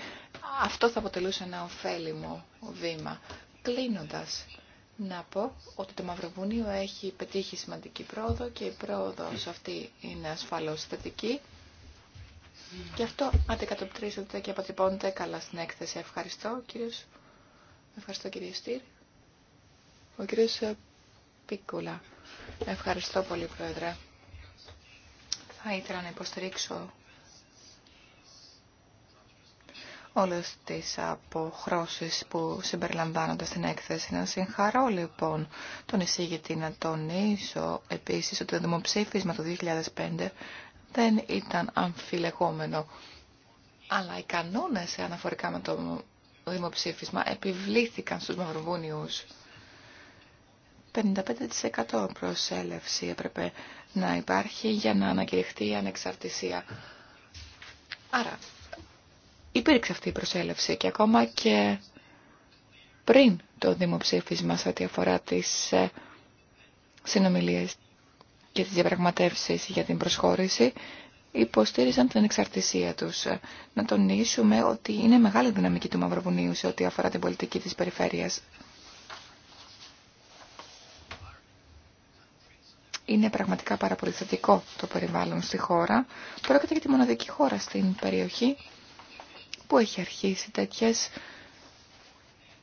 αυτό θα αποτελούσε ένα ωφέλιμο βήμα. Κλείνοντας, να πω ότι το Μαυροβουνίο έχει πετύχει σημαντική πρόοδο και η πρόοδος αυτή είναι ασφαλώς θετική. Και αυτό αντικατοπτρίζεται και αποτυπώνεται καλά στην έκθεση. Ευχαριστώ, κύριος. Ευχαριστώ, κύριε Στήρ. Ο κύριος ε, Πίκουλα. Ευχαριστώ πολύ, Πρόεδρε. Θα ήθελα να υποστηρίξω όλες τις αποχρώσεις που συμπεριλαμβάνονται στην έκθεση. Να συγχαρώ λοιπόν τον εισήγητη να τονίσω επίσης ότι το δημοψήφισμα του 2005 δεν ήταν αμφιλεγόμενο. Αλλά οι κανόνες αναφορικά με το δημοψήφισμα επιβλήθηκαν στους Μαυροβούνιους. 55% προσέλευση έπρεπε να υπάρχει για να ανακηρυχτεί η ανεξαρτησία. Άρα, υπήρξε αυτή η προσέλευση και ακόμα και πριν το δημοψήφισμα σε ό,τι αφορά τις ε, συνομιλίες και τις διαπραγματεύσεις για την προσχώρηση υποστήριζαν την εξαρτησία τους. Ε, να τονίσουμε ότι είναι μεγάλη δυναμική του Μαυροβουνίου σε ό,τι αφορά την πολιτική της περιφέρειας. Είναι πραγματικά πάρα πολύ θετικό το περιβάλλον στη χώρα. Πρόκειται για τη μοναδική χώρα στην περιοχή που έχει αρχίσει τέτοιες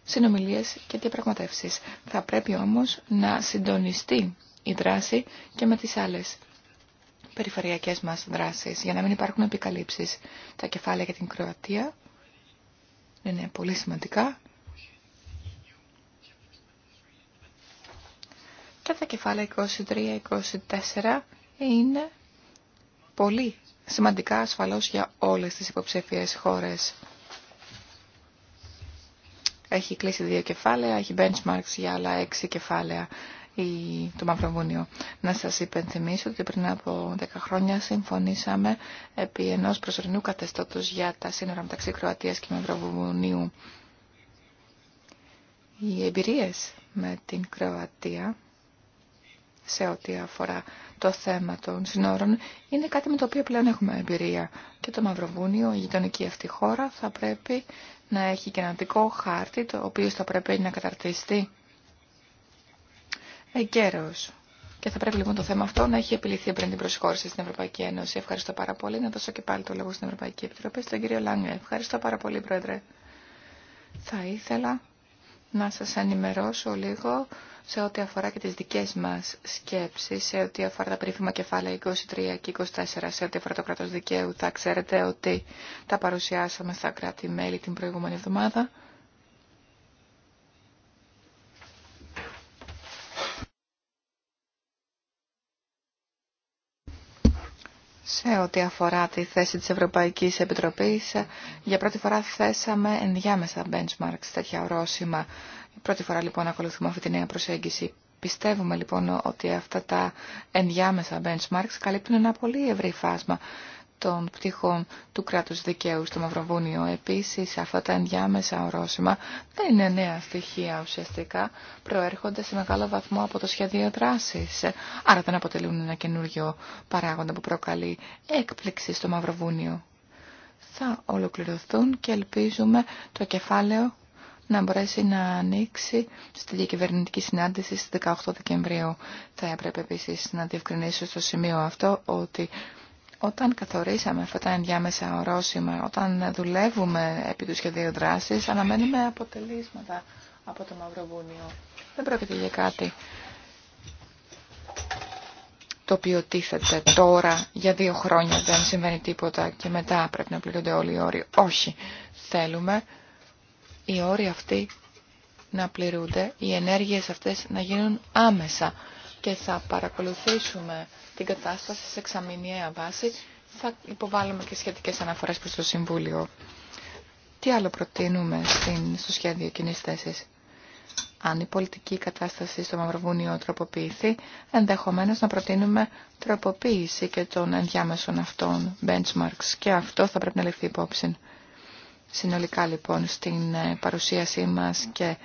συνομιλίες και διαπραγματεύσεις. Θα πρέπει όμως να συντονιστεί η δράση και με τις άλλες περιφερειακές μας δράσεις για να μην υπάρχουν επικαλύψεις. Τα κεφάλαια για την Κροατία είναι πολύ σημαντικά. Και τα κεφάλαια 23-24 είναι πολύ σημαντικά ασφαλώς για όλες τις υποψηφίες χώρες. Έχει κλείσει δύο κεφάλαια, έχει benchmarks για άλλα έξι κεφάλαια του Μαυροβούνιου. Να σας υπενθυμίσω ότι πριν από 10 χρόνια συμφωνήσαμε επί ενός προσωρινού καθεστώτος για τα σύνορα μεταξύ Κροατίας και Μαυροβουνίου. Οι εμπειρίες με την Κροατία σε ό,τι αφορά το θέμα των συνόρων είναι κάτι με το οποίο πλέον έχουμε εμπειρία. Και το Μαυροβούνιο, η γειτονική αυτή χώρα, θα πρέπει να έχει και ένα δικό χάρτη, το οποίο θα πρέπει να καταρτιστεί εγκαίρως. Και θα πρέπει λοιπόν το θέμα αυτό να έχει επιληθεί πριν την προσχώρηση στην Ευρωπαϊκή Ένωση. Ευχαριστώ πάρα πολύ. Να δώσω και πάλι το λόγο στην Ευρωπαϊκή Επιτροπή, στον κύριο Λάγκε. Ευχαριστώ πάρα πολύ, Πρόεδρε. Θα ήθελα να σας ενημερώσω λίγο σε ό,τι αφορά και τις δικές μας σκέψεις, σε ό,τι αφορά τα περίφημα κεφάλαια 23 και 24, σε ό,τι αφορά το κράτος δικαίου. Θα ξέρετε ότι τα παρουσιάσαμε στα κράτη-μέλη την προηγούμενη εβδομάδα. σε ό,τι αφορά τη θέση της Ευρωπαϊκής Επιτροπής. Για πρώτη φορά θέσαμε ενδιάμεσα benchmarks τέτοια ορόσημα Πρώτη φορά λοιπόν ακολουθούμε αυτή τη νέα προσέγγιση. Πιστεύουμε λοιπόν ότι αυτά τα ενδιάμεσα benchmarks καλύπτουν ένα πολύ ευρύ φάσμα των πτυχών του κράτους δικαίου στο Μαυροβούνιο. Επίσης, αυτά τα ενδιάμεσα ορόσημα δεν είναι νέα στοιχεία ουσιαστικά, προέρχονται σε μεγάλο βαθμό από το σχέδιο δράσης, άρα δεν αποτελούν ένα καινούριο παράγοντα που προκαλεί έκπληξη στο Μαυροβούνιο. Θα ολοκληρωθούν και ελπίζουμε το κεφάλαιο να μπορέσει να ανοίξει στη διακυβερνητική συνάντηση στις 18 Δεκεμβρίου. Θα έπρεπε επίσης να διευκρινίσω στο σημείο αυτό ότι όταν καθορίσαμε αυτά τα ενδιάμεσα ορόσημα, όταν δουλεύουμε επί του σχεδίου δράσης, αναμένουμε αποτελέσματα από το Μαυροβούνιο. Δεν πρόκειται για κάτι το οποίο τίθεται τώρα για δύο χρόνια δεν συμβαίνει τίποτα και μετά πρέπει να πληρώνται όλοι οι όροι. Όχι. Θέλουμε οι όροι αυτοί να πληρούνται, οι ενέργειες αυτές να γίνουν άμεσα και θα παρακολουθήσουμε την κατάσταση σε εξαμηνιαία βάση. Θα υποβάλουμε και σχετικές αναφορές προς το Συμβούλιο. Τι άλλο προτείνουμε στην, στο σχέδιο κοινή θέση. Αν η πολιτική κατάσταση στο Μαυροβούνιο τροποποιηθεί, ενδεχομένως να προτείνουμε τροποποίηση και των ενδιάμεσων αυτών benchmarks και αυτό θα πρέπει να ληφθεί υπόψη. Συνολικά λοιπόν στην ε, παρουσίασή μας και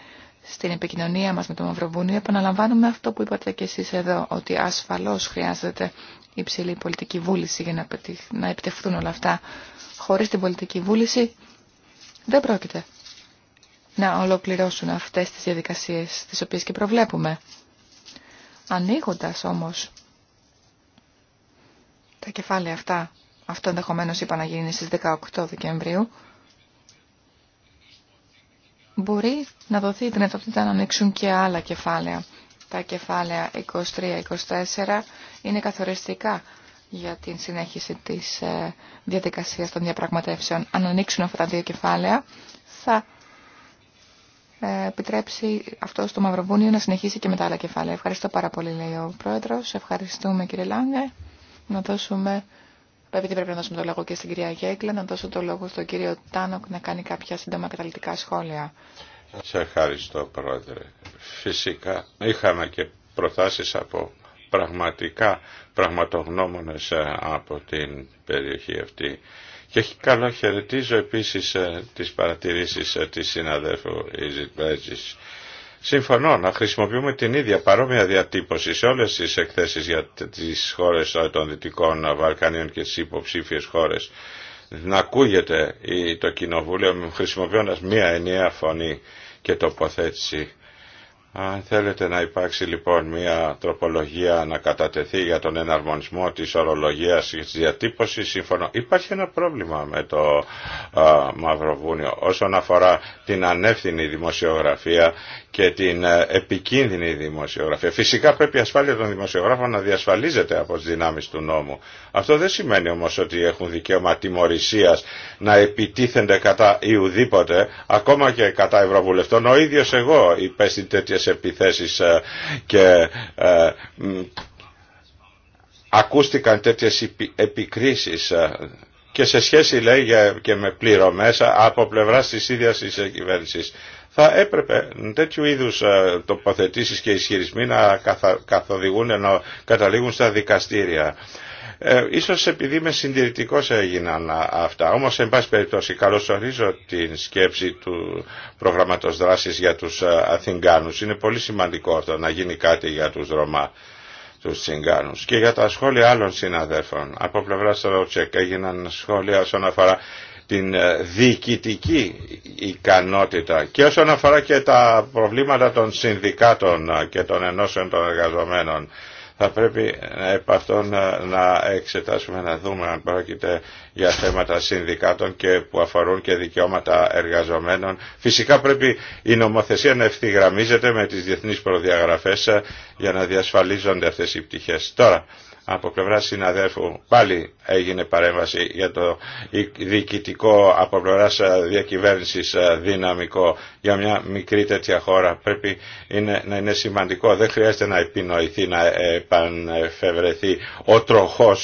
στην επικοινωνία μας με το Μαυροβούνιο επαναλαμβάνουμε αυτό που είπατε και εσείς εδώ, ότι ασφαλώς χρειάζεται υψηλή πολιτική βούληση για να, να επιτευχθούν όλα αυτά. Χωρίς την πολιτική βούληση δεν πρόκειται να ολοκληρώσουν αυτές τις διαδικασίες τις οποίες και προβλέπουμε. Ανοίγοντας όμως τα κεφάλαια αυτά, αυτό ενδεχομένως είπα να γίνει στις 18 Δεκεμβρίου, μπορεί να δοθεί η δυνατότητα να ανοίξουν και άλλα κεφάλαια. Τα κεφάλαια 23-24 είναι καθοριστικά για την συνέχιση της ε, διαδικασίας των διαπραγματεύσεων. Αν ανοίξουν αυτά τα δύο κεφάλαια, θα ε, επιτρέψει αυτό στο Μαυροβούνιο να συνεχίσει και με τα άλλα κεφάλαια. Ευχαριστώ πάρα πολύ, λέει ο Πρόεδρος. Ευχαριστούμε, κύριε Λάγκε. Να δώσουμε επειδή πρέπει να δώσουμε το λόγο και στην κυρία Γέγκλε, να δώσω το λόγο στον κύριο Τάνοκ να κάνει κάποια σύντομα καταλητικά σχόλια. Σε ευχαριστώ πρόεδρε. Φυσικά είχαμε και προτάσεις από πραγματικά πραγματογνώμονες ε, από την περιοχή αυτή. Και καλό χαιρετίζω επίσης ε, τις παρατηρήσεις ε, της συναδέλφου Ιζιτ Συμφωνώ να χρησιμοποιούμε την ίδια παρόμοια διατύπωση σε όλες τις εκθέσεις για τις χώρες των Δυτικών Βαλκανίων και τις υποψήφιες χώρες. Να ακούγεται το Κοινοβούλιο χρησιμοποιώντας μία ενιαία φωνή και τοποθέτηση αν θέλετε να υπάρξει λοιπόν μια τροπολογία να κατατεθεί για τον εναρμονισμό της ορολογίας της διατύπωσης, συμφωνώ. Υπάρχει ένα πρόβλημα με το α, Μαυροβούνιο όσον αφορά την ανεύθυνη δημοσιογραφία και την ε, επικίνδυνη δημοσιογραφία. Φυσικά πρέπει η ασφάλεια των δημοσιογράφων να διασφαλίζεται από τις δυνάμεις του νόμου. Αυτό δεν σημαίνει όμως ότι έχουν δικαίωμα τιμωρησίας να επιτίθενται κατά ιουδήποτε, ακόμα και κατά ευρωβουλευτών. Ο ίδιος εγώ υπέστη σε επιθέσεις ε, και ε, ακούστηκαν τέτοιες επικρίσεις ε, και σε σχέση λέει και με πληρωμές από πλευρά της ίδιας της κυβέρνησης. Θα έπρεπε τέτοιου είδους τοποθετήσεις και ισχυρισμοί να καθοδηγούν ενώ καταλήγουν στα δικαστήρια. Ε, ίσως επειδή είμαι συντηρητικό έγιναν αυτά, όμως εν πάση περιπτώσει καλωσορίζω την σκέψη του προγραμματος δράσης για τους ε, Αθηγάνους. Είναι πολύ σημαντικό αυτό να γίνει κάτι για τους Ρωμά τους Τσιγκάνους. Και για τα σχόλια άλλων συναδέλφων από πλευρά Ροτσεκ έγιναν σχόλια όσον αφορά την ε, διοικητική ικανότητα και όσον αφορά και τα προβλήματα των συνδικάτων ε, και των ενώσεων των εργαζομένων θα πρέπει επ' αυτόν ε, να εξετάσουμε να δούμε αν πρόκειται για θέματα συνδικάτων και που αφορούν και δικαιώματα εργαζομένων. Φυσικά πρέπει η νομοθεσία να ευθυγραμμίζεται με τις διεθνείς προδιαγραφές ε, για να διασφαλίζονται αυτές οι πτυχές. Τώρα, από πλευρά συναδέλφου, πάλι έγινε παρέμβαση για το διοικητικό από πλευρά ε, διακυβέρνηση ε, δυναμικό για μια μικρή τέτοια χώρα. Πρέπει είναι, να είναι σημαντικό. Δεν χρειάζεται να επινοηθεί, να επανεφευρεθεί ο τροχό.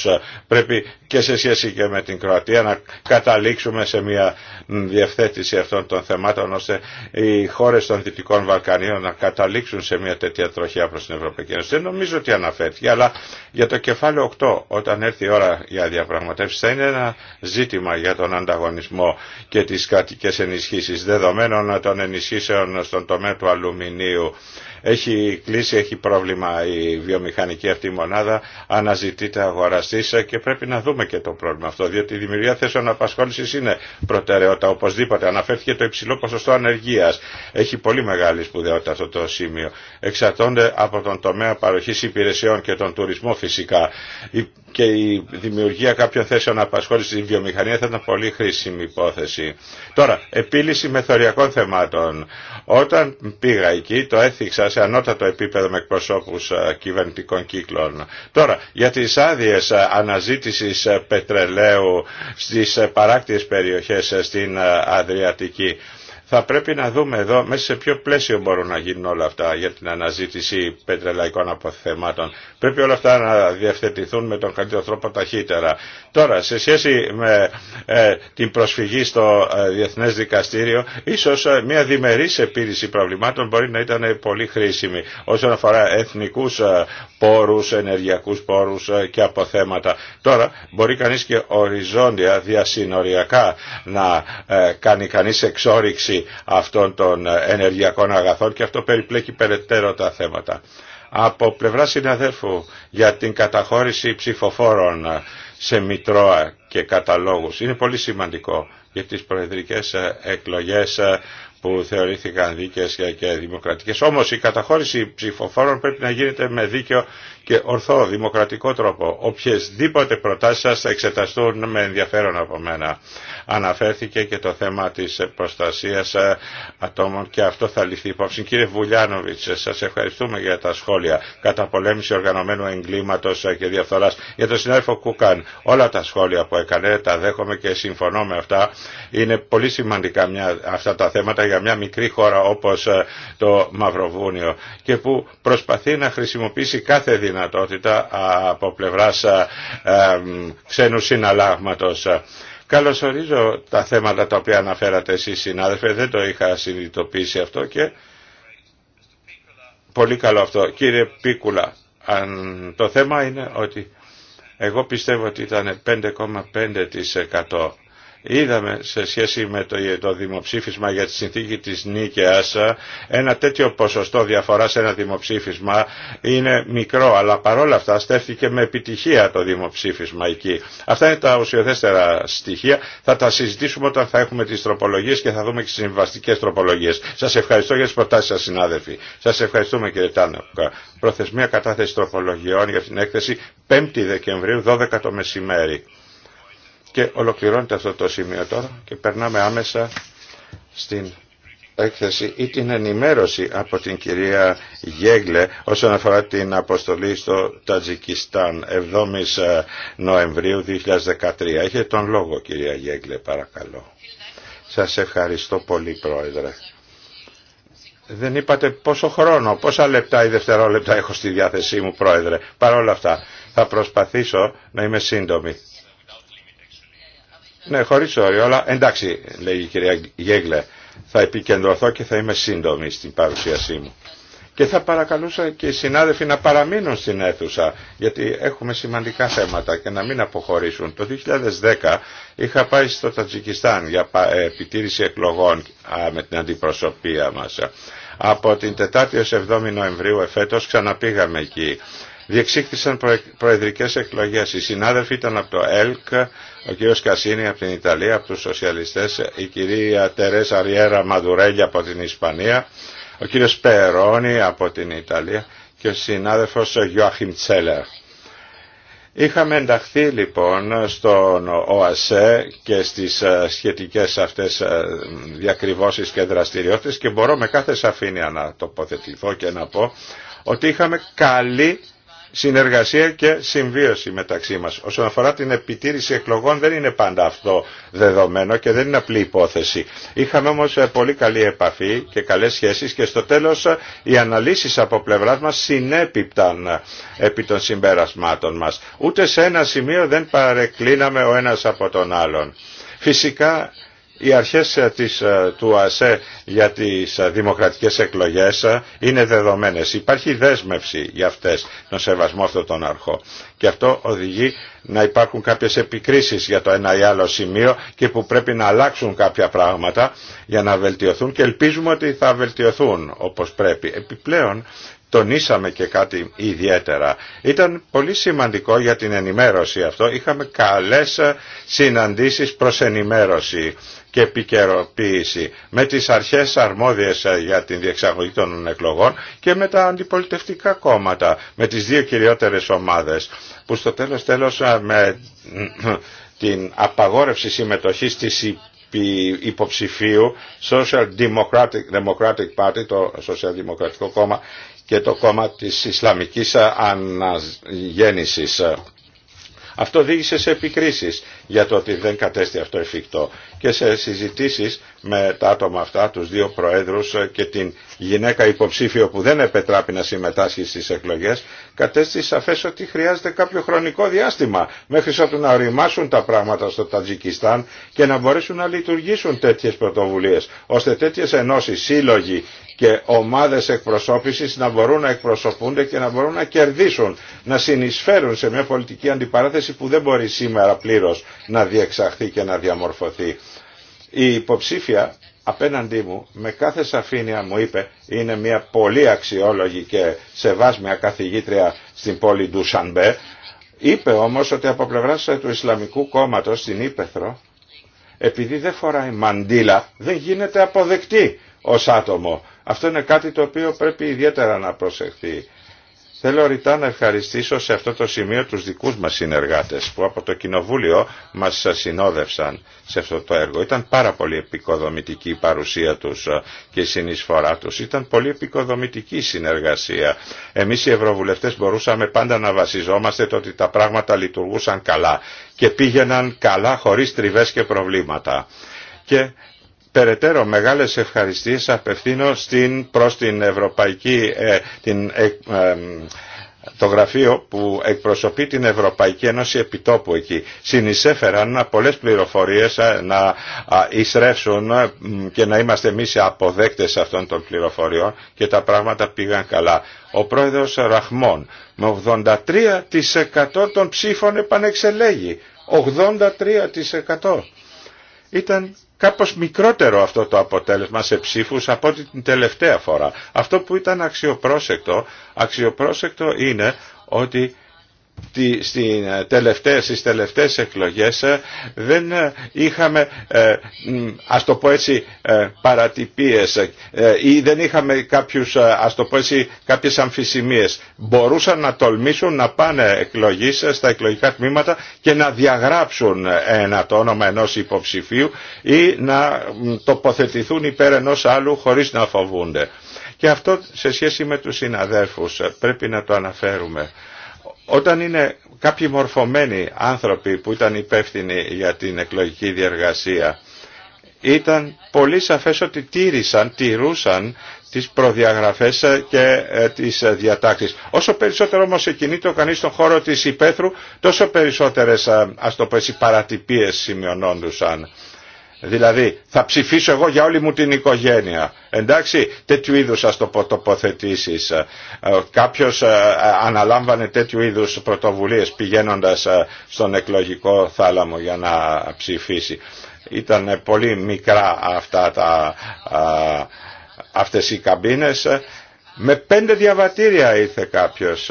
Πρέπει και σε σχέση και με την Κροατία να καταλήξουμε σε μια διευθέτηση αυτών των θεμάτων ώστε οι χώρε των Δυτικών Βαλκανίων να καταλήξουν σε μια τέτοια τροχιά προ την Ευρωπαϊκή Ένωση. Δεν νομίζω ότι αναφέρθηκε, αλλά για το κεφάλαιο 8, όταν έρθει η ώρα για Διαπραγματεύσει. θα είναι ένα ζήτημα για τον ανταγωνισμό και τις κρατικές ενισχύσεις δεδομένων των ενισχύσεων στον τομέα του αλουμινίου έχει κλείσει, έχει πρόβλημα η βιομηχανική αυτή μονάδα, αναζητείται αγοραστής και πρέπει να δούμε και το πρόβλημα αυτό, διότι η δημιουργία θέσεων απασχόλησης είναι προτεραιότητα οπωσδήποτε. Αναφέρθηκε το υψηλό ποσοστό ανεργίας. Έχει πολύ μεγάλη σπουδαιότητα αυτό το σημείο. Εξαρτώνται από τον τομέα παροχής υπηρεσιών και τον τουρισμό φυσικά και η δημιουργία κάποιων θέσεων απασχόλησης στη βιομηχανία θα ήταν πολύ χρήσιμη υπόθεση. Τώρα, επίλυση μεθοριακών θεμάτων. Όταν πήγα εκεί το έθιξα σε ανώτατο επίπεδο με εκπροσώπους ε, κυβερνητικών κύκλων. Τώρα, για τις άδειε ε, αναζήτησης ε, πετρελαίου στις παράκτιες περιοχές στην Αδριατική θα πρέπει να δούμε εδώ μέσα σε ποιο πλαίσιο μπορούν να γίνουν όλα αυτά για την αναζήτηση πετρελαϊκών αποθεμάτων. Πρέπει όλα αυτά να διευθετηθούν με τον καλύτερο τρόπο ταχύτερα. Τώρα, σε σχέση με ε, την προσφυγή στο ε, Διεθνές Δικαστήριο, ίσως ε, μια διμερής επίλυση προβλημάτων μπορεί να ήταν πολύ χρήσιμη όσον αφορά εθνικούς ε, πόρους, ενεργειακούς πόρους και αποθέματα. Τώρα, μπορεί κανείς και οριζόντια, διασυνοριακά να κάνει κανείς εξόριξη αυτών των ενεργειακών αγαθών και αυτό περιπλέκει περαιτέρω τα θέματα. Από πλευρά συναδέλφου για την καταχώρηση ψηφοφόρων σε μητρώα και καταλόγους είναι πολύ σημαντικό για τις προεδρικές εκλογές που θεωρήθηκαν δίκαιες και δημοκρατικές. Όμως η καταχώρηση ψηφοφόρων πρέπει να γίνεται με δίκαιο και ορθό δημοκρατικό τρόπο. Οποιεσδήποτε προτάσεις σας θα εξεταστούν με ενδιαφέρον από μένα. Αναφέρθηκε και το θέμα της προστασίας ε, ατόμων και αυτό θα ληφθεί υπόψη. Κύριε Βουλιάνοβιτς, σας ευχαριστούμε για τα σχόλια κατά πολέμηση οργανωμένου εγκλήματος ε, και διαφθοράς. Για τον συνάδελφο Κούκαν, όλα τα σχόλια που έκανε τα δέχομαι και συμφωνώ με αυτά. Είναι πολύ σημαντικά μια, αυτά τα θέματα για μια μικρή χώρα όπω ε, το Μαυροβούνιο και που προσπαθεί να χρησιμοποιήσει κάθε δυνατότητα δυνατότητα ε, από πλευράς ε, ε, ξένου συναλλάγματος. Καλωσορίζω τα θέματα τα οποία αναφέρατε εσείς συνάδελφε, δεν το είχα συνειδητοποιήσει αυτό και πολύ καλό αυτό. Κύριε Πίκουλα, αν... το θέμα είναι ότι εγώ πιστεύω ότι ήταν 5,5% Είδαμε σε σχέση με το, δημοψήφισμα για τη συνθήκη της Νίκαιας ένα τέτοιο ποσοστό διαφορά σε ένα δημοψήφισμα είναι μικρό αλλά παρόλα αυτά στέφθηκε με επιτυχία το δημοψήφισμα εκεί. Αυτά είναι τα ουσιοθέστερα στοιχεία. Θα τα συζητήσουμε όταν θα έχουμε τις τροπολογίες και θα δούμε και τις συμβαστικές τροπολογίες. Σας ευχαριστώ για τις προτάσεις σας συνάδελφοι. Σας ευχαριστούμε κύριε Τάνοκα. Προθεσμία κατάθεση τροπολογιών για την έκθεση 5η Δεκεμβρίου 12 το μεσημέρι. Και ολοκληρώνεται αυτό το σημείο τώρα και περνάμε άμεσα στην έκθεση ή την ενημέρωση από την κυρία Γέγλε όσον αφορά την αποστολή στο Τατζικιστάν 7 ε, Νοεμβρίου 2013. Έχετε τον λόγο κυρία Γέγλε παρακαλώ. Σας ευχαριστώ πολύ πρόεδρε. Δεν είπατε πόσο χρόνο, πόσα λεπτά ή δευτερόλεπτα έχω στη διάθεσή μου πρόεδρε. Παρ' όλα αυτά θα προσπαθήσω να είμαι σύντομη. Ναι, χωρί όριο, αλλά εντάξει, λέει η κυρία Γέγλε, θα επικεντρωθώ και θα είμαι σύντομη στην παρουσίασή μου. Και θα παρακαλούσα και οι συνάδελφοι να παραμείνουν στην αίθουσα, γιατί έχουμε σημαντικά θέματα και να μην αποχωρήσουν. Το 2010 είχα πάει στο Τατζικιστάν για ε, επιτήρηση εκλογών με την αντιπροσωπεία μας. Από την 4η 7η Νοεμβρίου εφέτος ξαναπήγαμε εκεί διεξήχθησαν προεδρικές εκλογές. Οι συνάδελφοι ήταν από το ΕΛΚ, ο κ. Κασίνη από την Ιταλία, από τους σοσιαλιστές, η κυρία Τερέσα Αριέρα Μαδουρέλια από την Ισπανία, ο κ. Περόνι από την Ιταλία και ο συνάδελφος Γιώαχιμ Τσέλερ. Είχαμε ενταχθεί λοιπόν στον ΟΑΣΕ και στις ε, σχετικές αυτές ε, διακριβώσεις και δραστηριότητες και μπορώ με κάθε σαφήνεια να τοποθετηθώ και να πω ότι είχαμε καλή συνεργασία και συμβίωση μεταξύ μας. Όσον αφορά την επιτήρηση εκλογών δεν είναι πάντα αυτό δεδομένο και δεν είναι απλή υπόθεση. Είχαμε όμως ε, πολύ καλή επαφή και καλές σχέσεις και στο τέλος ε, οι αναλύσεις από πλευρά μας συνέπιπταν ε, επί των συμπερασμάτων μας. Ούτε σε ένα σημείο δεν παρεκκλίναμε ο ένας από τον άλλον. Φυσικά οι αρχές ε, ε, του ΑΣΕ για τις ε, δημοκρατικές εκλογές είναι δεδομένες. Υπάρχει δέσμευση για αυτές, τον σεβασμό αυτών των αρχών. Και αυτό οδηγεί να υπάρχουν κάποιες επικρίσεις για το ένα ή άλλο σημείο και που πρέπει να αλλάξουν κάποια πράγματα για να βελτιωθούν και ελπίζουμε ότι θα βελτιωθούν όπως πρέπει. Επιπλέον τονίσαμε και κάτι ιδιαίτερα. Ήταν πολύ σημαντικό για την ενημέρωση αυτό. Είχαμε καλές συναντήσεις προς ενημέρωση και επικαιροποίηση με τις αρχές αρμόδιες ε, για την διεξαγωγή των εκλογών και με τα αντιπολιτευτικά κόμματα, με τις δύο κυριότερες ομάδες που στο τέλος τέλος ε, με την απαγόρευση συμμετοχής της υποψηφίου Social Democratic, Party, το Σοσιαλδημοκρατικό Κόμμα και το κόμμα της Ισλαμικής Αναγέννησης αυτό οδήγησε σε επικρίσεις για το ότι δεν κατέστη αυτό εφικτό. Και σε συζητήσεις με τα άτομα αυτά, τους δύο προέδρους και την γυναίκα υποψήφιο που δεν επετράπει να συμμετάσχει στις εκλογές, κατέστη σαφές ότι χρειάζεται κάποιο χρονικό διάστημα μέχρι ότου να οριμάσουν τα πράγματα στο Τατζικιστάν και να μπορέσουν να λειτουργήσουν τέτοιες πρωτοβουλίες, ώστε τέτοιες ενώσεις, σύλλογοι και ομάδες εκπροσώπησης να μπορούν να εκπροσωπούνται και να μπορούν να κερδίσουν, να συνεισφέρουν σε μια πολιτική αντιπαράθεση που δεν μπορεί σήμερα πλήρως να διεξαχθεί και να διαμορφωθεί. Η υποψήφια απέναντί μου με κάθε σαφήνεια μου είπε είναι μια πολύ αξιόλογη και σεβάσμια καθηγήτρια στην πόλη του Σανμπέ. Είπε όμως ότι από πλευρά του Ισλαμικού κόμματος στην Ήπεθρο επειδή δεν φοράει μαντίλα δεν γίνεται αποδεκτή ως άτομο. Αυτό είναι κάτι το οποίο πρέπει ιδιαίτερα να προσεχθεί. Θέλω ρητά να ευχαριστήσω σε αυτό το σημείο τους δικούς μας συνεργάτες που από το Κοινοβούλιο μας συνόδευσαν σε αυτό το έργο. Ήταν πάρα πολύ επικοδομητική η παρουσία τους και η συνεισφορά τους. Ήταν πολύ επικοδομητική η συνεργασία. Εμείς οι Ευρωβουλευτές μπορούσαμε πάντα να βασιζόμαστε το ότι τα πράγματα λειτουργούσαν καλά και πήγαιναν καλά χωρίς τριβές και προβλήματα. Και Περαιτέρω μεγάλες ευχαριστίες απευθύνω στην, προς την Ευρωπαϊκή ε, ε, το γραφείο που εκπροσωπεί την Ευρωπαϊκή Ένωση επιτόπου εκεί. Συνεισέφεραν πολλές πληροφορίες ε, να εισρεύσουν και να είμαστε εμείς αποδέκτες αυτών των πληροφοριών και τα πράγματα πήγαν καλά. Ο πρόεδρος Ραχμών με 83% των ψήφων επανεξελέγει. 83% ήταν κάπως μικρότερο αυτό το αποτέλεσμα σε ψήφους από ό,τι την τελευταία φορά. Αυτό που ήταν αξιοπρόσεκτο, αξιοπρόσεκτο είναι ότι Στι ε, τελευταίες, στις τελευταίες εκλογές ε, δεν ε, είχαμε ας το πω έτσι παρατυπίες ή δεν είχαμε κάποιους, ας κάποιες αμφισημίες. Μπορούσαν να τολμήσουν να πάνε εκλογής στα εκλογικά τμήματα και να διαγράψουν ένα, το όνομα ενός υποψηφίου ή να τοποθετηθούν υπέρ ενός άλλου χωρίς να φοβούνται. Και αυτό σε σχέση με τους συναδέλφους πρέπει να το αναφέρουμε όταν είναι κάποιοι μορφωμένοι άνθρωποι που ήταν υπεύθυνοι για την εκλογική διεργασία, ήταν πολύ σαφές ότι τήρησαν, τηρούσαν τις προδιαγραφές και ε, τις διατάξεις. Όσο περισσότερο όμως εκινείται κανείς στον χώρο της υπαίθρου, τόσο περισσότερες, ε, ας το πω έτσι, παρατυπίες σημειωνόντουσαν. Δηλαδή, θα ψηφίσω εγώ για όλη μου την οικογένεια. Εντάξει, τέτοιου είδου α το πω τοποθετήσει. Ε, ε, Κάποιο ε, αναλάμβανε τέτοιου είδου πρωτοβουλίε πηγαίνοντα στον εκλογικό θάλαμο για να ψηφίσει. Ήταν πολύ μικρά αυτά τα, αυτές οι καμπίνες. Με πέντε διαβατήρια ήρθε κάποιος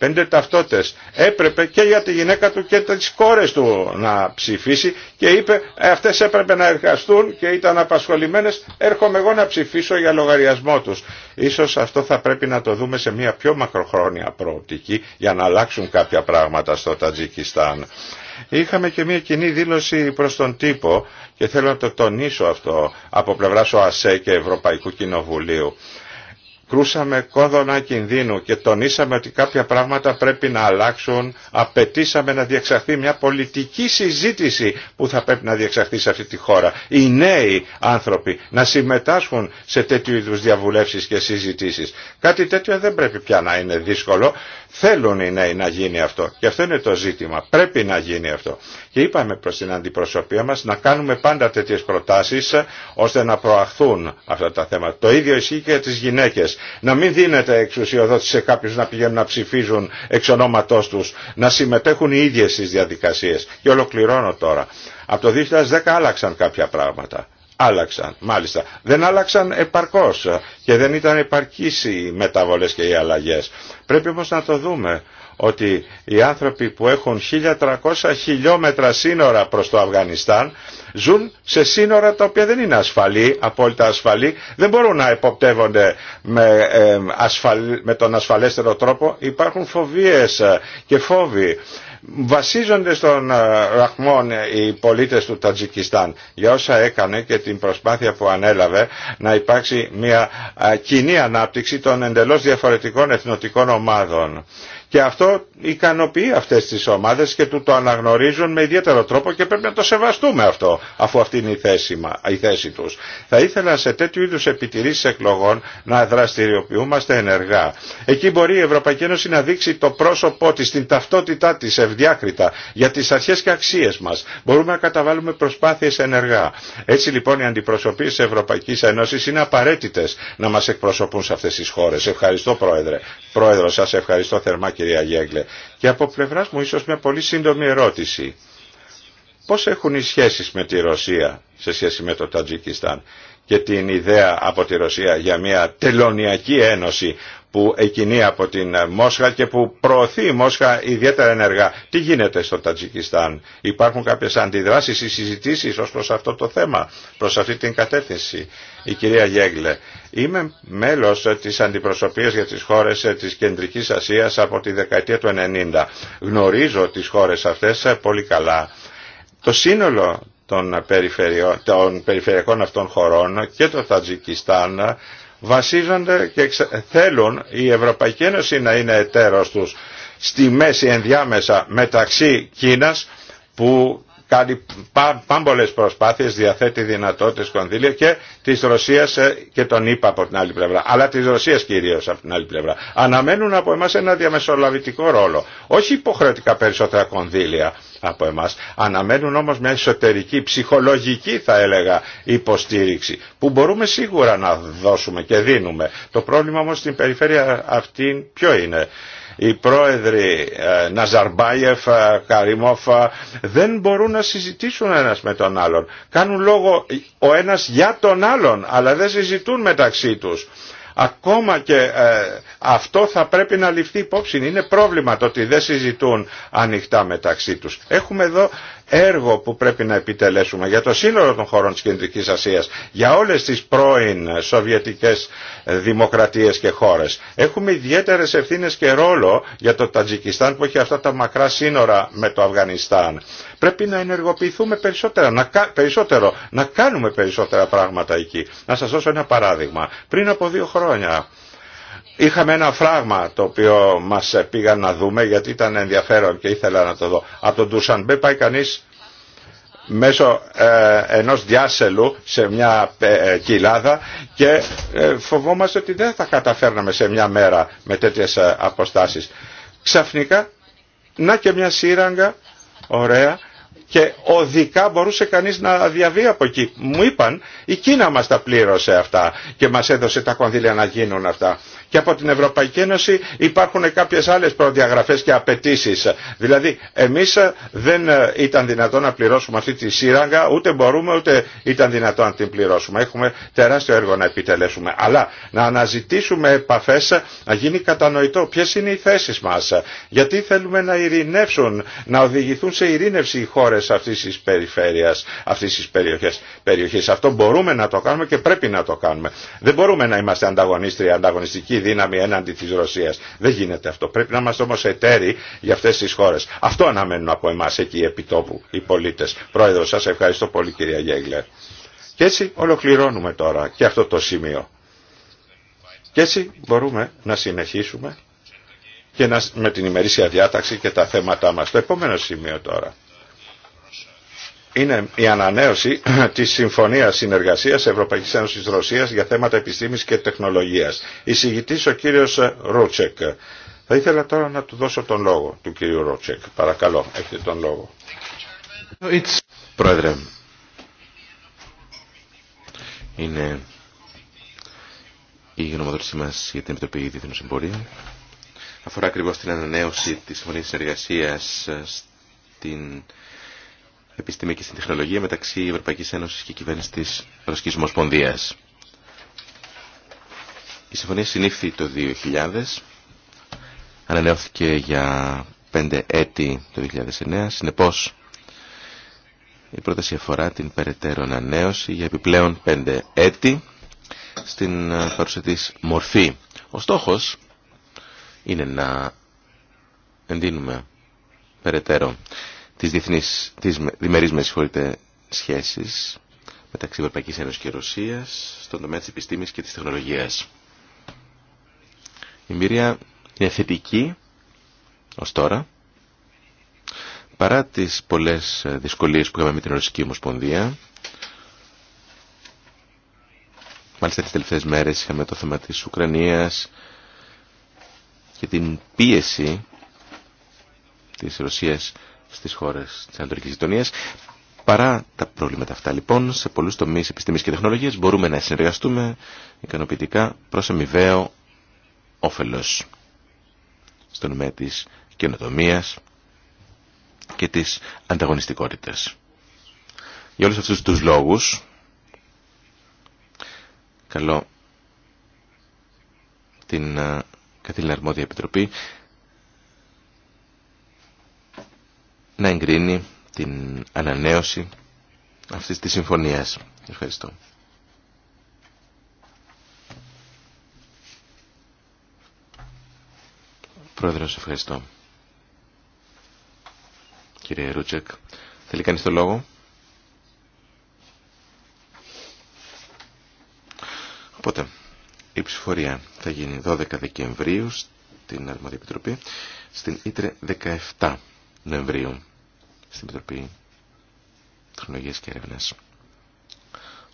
πέντε ταυτότητες. Έπρεπε και για τη γυναίκα του και τις κόρες του να ψηφίσει και είπε «Ε, αυτές έπρεπε να εργαστούν και ήταν απασχολημένες, έρχομαι εγώ να ψηφίσω για λογαριασμό τους. Ίσως αυτό θα πρέπει να το δούμε σε μια πιο μακροχρόνια προοπτική για να αλλάξουν κάποια πράγματα στο Τατζικιστάν. Είχαμε και μια κοινή δήλωση προς τον τύπο και θέλω να το τονίσω αυτό από πλευράς ΟΑΣΕ και Ευρωπαϊκού Κοινοβουλίου κρούσαμε κόδωνα κινδύνου και τονίσαμε ότι κάποια πράγματα πρέπει να αλλάξουν. Απαιτήσαμε να διεξαχθεί μια πολιτική συζήτηση που θα πρέπει να διεξαχθεί σε αυτή τη χώρα. Οι νέοι άνθρωποι να συμμετάσχουν σε τέτοιου είδου διαβουλεύσεις και συζητήσεις. Κάτι τέτοιο δεν πρέπει πια να είναι δύσκολο Θέλουν οι νέοι να γίνει αυτό. Και αυτό είναι το ζήτημα. Πρέπει να γίνει αυτό. Και είπαμε προς την αντιπροσωπεία μας να κάνουμε πάντα τέτοιες προτάσεις ώστε να προαχθούν αυτά τα θέματα. Το ίδιο ισχύει και για τις γυναίκες. Να μην δίνεται εξουσιοδότηση σε κάποιους να πηγαίνουν να ψηφίζουν εξ ονόματός τους. Να συμμετέχουν οι ίδιες στις διαδικασίες. Και ολοκληρώνω τώρα. Από το 2010 άλλαξαν κάποια πράγματα άλλαξαν. Μάλιστα. Δεν άλλαξαν επαρκώς και δεν ήταν επαρκείς οι μεταβολές και οι αλλαγές. Πρέπει όμως να το δούμε ότι οι άνθρωποι που έχουν 1300 χιλιόμετρα σύνορα προς το Αφγανιστάν ζουν σε σύνορα τα οποία δεν είναι ασφαλή, απόλυτα ασφαλή, δεν μπορούν να εποπτεύονται με, ε, με τον ασφαλέστερο τρόπο. Υπάρχουν φοβίες ε, και φόβοι Βασίζονται στον ε, Ραχμόν οι πολίτες του Τατζικιστάν για όσα έκανε και την προσπάθεια που ανέλαβε να υπάρξει μια ε, κοινή ανάπτυξη των εντελώς διαφορετικών εθνοτικών ομάδων. Και αυτό ικανοποιεί αυτέ τι ομάδε και του το αναγνωρίζουν με ιδιαίτερο τρόπο και πρέπει να το σεβαστούμε αυτό, αφού αυτή είναι η θέση, η θέση τους. Θα ήθελα σε τέτοιου είδου επιτηρήσει εκλογών να δραστηριοποιούμαστε ενεργά. Εκεί μπορεί η Ευρωπαϊκή Ένωση να δείξει το πρόσωπό τη την ταυτότητά τη ευδιάκριτα για τι αρχέ και αξίε μα. Μπορούμε να καταβάλουμε προσπάθειες ενεργά. Έτσι λοιπόν οι αντιπροσωπείε της Ευρωπαϊκής Ένωσης είναι απαραίτητε να μα εκπροσωπούν σε αυτέ τι χώρε. Ευχαριστώ Πρόεδρε. Πρόεδρο σα ευχαριστώ θερμά κυρία Γέγκλε. Και από πλευράς μου ίσως μια πολύ σύντομη ερώτηση. Πώς έχουν οι σχέσεις με τη Ρωσία σε σχέση με το Τατζικιστάν και την ιδέα από τη Ρωσία για μια τελωνιακή ένωση που εκινεί από την Μόσχα και που προωθεί η Μόσχα ιδιαίτερα ενεργά. Τι γίνεται στο Τατζικιστάν. Υπάρχουν κάποιες αντιδράσεις ή συζητήσεις ως προς αυτό το θέμα, προς αυτή την κατεύθυνση. Η κυρία Γέγλε. Είμαι μέλος της αντιπροσωπείας για τις χώρες της Κεντρικής Ασίας από τη δεκαετία του 90. Γνωρίζω τις χώρες αυτές πολύ καλά. Το σύνολο των, των περιφερειακών αυτών χωρών και το Τατζικιστάν βασίζονται και θέλουν η Ευρωπαϊκή Ένωση να είναι εταίρος τους στη μέση ενδιάμεσα μεταξύ Κίνας που κάνει πάμπολες προσπάθειες, διαθέτει δυνατότητες κονδύλια και της Ρωσίας ε, και τον είπα από την άλλη πλευρά. Αλλά της Ρωσίας κυρίως από την άλλη πλευρά. Αναμένουν από εμάς ένα διαμεσολαβητικό ρόλο. Όχι υποχρεωτικά περισσότερα κονδύλια από εμάς. Αναμένουν όμως μια εσωτερική, ψυχολογική θα έλεγα υποστήριξη που μπορούμε σίγουρα να δώσουμε και δίνουμε. Το πρόβλημα όμως στην περιφέρεια αυτή ποιο είναι οι πρόεδροι ε, Ναζαρμπάιεφ, Καριμόφα ε, ε, δεν μπορούν να συζητήσουν ένας με τον άλλον. Κάνουν λόγο ο ένας για τον άλλον, αλλά δεν συζητούν μεταξύ τους. Ακόμα και αυτό θα πρέπει να ληφθεί υπόψη. Είναι πρόβλημα το ότι δεν συζητούν ανοιχτά μεταξύ τους. Έχουμε εδώ έργο που πρέπει να επιτελέσουμε για το σύνολο των χωρών της Κεντρικής Ασίας, για όλες τις πρώην σοβιετικές δημοκρατίες και χώρες. Έχουμε ιδιαίτερες ευθύνες και ρόλο για το Τατζικιστάν που έχει αυτά τα μακρά σύνορα με το Αφγανιστάν. Πρέπει να ενεργοποιηθούμε περισσότερα, να, περισσότερο, να κάνουμε περισσότερα πράγματα εκεί. Να σας δώσω ένα παράδειγμα. Πριν από δύο χρόνια Είχαμε ένα φράγμα το οποίο μας πήγαν να δούμε γιατί ήταν ενδιαφέρον και ήθελα να το δω. Από τον Τουσανμπέ πάει κανείς μέσω ε, ενός διάσελου σε μια ε, ε, κοιλάδα και φοβόμαστε ότι δεν θα καταφέρναμε σε μια μέρα με τέτοιες αποστάσεις. Ξαφνικά, να και μια σύραγγα, ωραία, και οδικά μπορούσε κανείς να διαβεί από εκεί. Μου είπαν η Κίνα μας τα πλήρωσε αυτά και μας έδωσε τα κονδύλια να γίνουν αυτά και από την Ευρωπαϊκή Ένωση υπάρχουν κάποιες άλλες προδιαγραφές και απαιτήσει. Δηλαδή εμείς δεν ήταν δυνατό να πληρώσουμε αυτή τη σύραγγα, ούτε μπορούμε ούτε ήταν δυνατό να την πληρώσουμε. Έχουμε τεράστιο έργο να επιτελέσουμε. Αλλά να αναζητήσουμε επαφές, να γίνει κατανοητό ποιε είναι οι θέσεις μας. Γιατί θέλουμε να ειρηνεύσουν, να οδηγηθούν σε ειρήνευση οι χώρες αυτής της περιφέρειας, αυτής της περιοχής. περιοχής. Αυτό μπορούμε να το κάνουμε και πρέπει να το κάνουμε. Δεν μπορούμε να είμαστε ανταγωνίστρια, ανταγωνιστικοί δύναμη έναντι της Ρωσίας. Δεν γίνεται αυτό. Πρέπει να είμαστε όμως εταίροι για αυτές τις χώρες. Αυτό αναμένουν από εμάς εκεί επιτόπου οι πολίτες. Πρόεδρο σας ευχαριστώ πολύ κυρία Γέγλερ. Και έτσι ολοκληρώνουμε τώρα και αυτό το σημείο. Και έτσι μπορούμε να συνεχίσουμε και να, με την ημερήσια διάταξη και τα θέματά μας. Το επόμενο σημείο τώρα είναι η ανανέωση της Συμφωνίας Συνεργασίας Ευρωπαϊκής Ένωσης Ρωσίας για θέματα επιστήμης και τεχνολογίας. Εισηγητής ο κύριος Ρούτσεκ. Θα ήθελα τώρα να του δώσω τον λόγο του κύριου Ρούτσεκ. Παρακαλώ, έχετε τον λόγο. It's... Πρόεδρε, είναι η γνωμοδότησή μας για την Επιτροπή Διεθνούς Εμπορία. Αφορά ακριβώς την ανανέωση της Συμφωνίας Συνεργασίας στην επιστήμη και στην τεχνολογία μεταξύ Ευρωπαϊκής Ένωσης και κυβέρνηση της Ρωσικής Ομοσπονδίας. Η συμφωνία συνήφθη το 2000, ανανεώθηκε για 5 έτη το 2009, συνεπώς η πρόταση αφορά την περαιτέρω ανανέωση για επιπλέον 5 έτη στην παρουσία της μορφή. Ο στόχος είναι να εντείνουμε περαιτέρω τις διεθνείς, τις διμερείς με σχέσεις μεταξύ Ευρωπαϊκής Ένωσης και Ρωσίας στον τομέα της επιστήμης και της τεχνολογίας. Η εμπειρία είναι θετική ως τώρα, παρά τις πολλές δυσκολίες που είχαμε με την Ρωσική Ομοσπονδία. Μάλιστα τις τελευταίες μέρες είχαμε το θέμα της Ουκρανίας και την πίεση της Ρωσίας στις χώρες της Ανατολικής Γειτονίας. Παρά τα προβλήματα αυτά λοιπόν, σε πολλούς τομείς επιστήμης και τεχνολογίας μπορούμε να συνεργαστούμε ικανοποιητικά προς αμοιβαίο όφελος στον τομέα της καινοτομίας και της ανταγωνιστικότητας. Για όλους αυτούς τους λόγους, καλό την ε, Καθήλυνα Αρμόδια Επιτροπή να εγκρίνει την ανανέωση αυτής της συμφωνίας. Ευχαριστώ. Πρόεδρος, ευχαριστώ. Κύριε Ρούτσεκ, θέλει κανείς το λόγο. Οπότε, η ψηφορία θα γίνει 12 Δεκεμβρίου στην Αρμόδια Επιτροπή, στην Ήτρε 17 Νοεμβρίου στην Επιτροπή Τεχνολογίας και Ερευνές.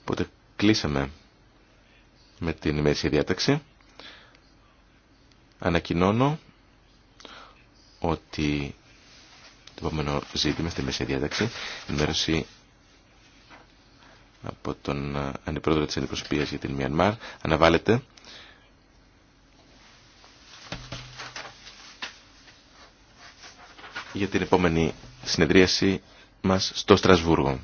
Οπότε κλείσαμε με την ημερήσια διάταξη. Ανακοινώνω ότι το επόμενο ζήτημα στη ημερήσια διάταξη ενημέρωση από τον αντιπρόεδρο της αντιπροσωπείας για την Μιανμάρ αναβάλλεται για την επόμενη συνεδρίαση μας στο Στρασβούργο.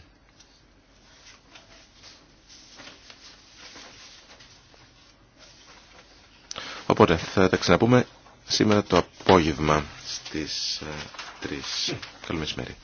Οπότε θα τα ξαναπούμε σήμερα το απόγευμα στις 3. Ε, Καλό μεσημέρι.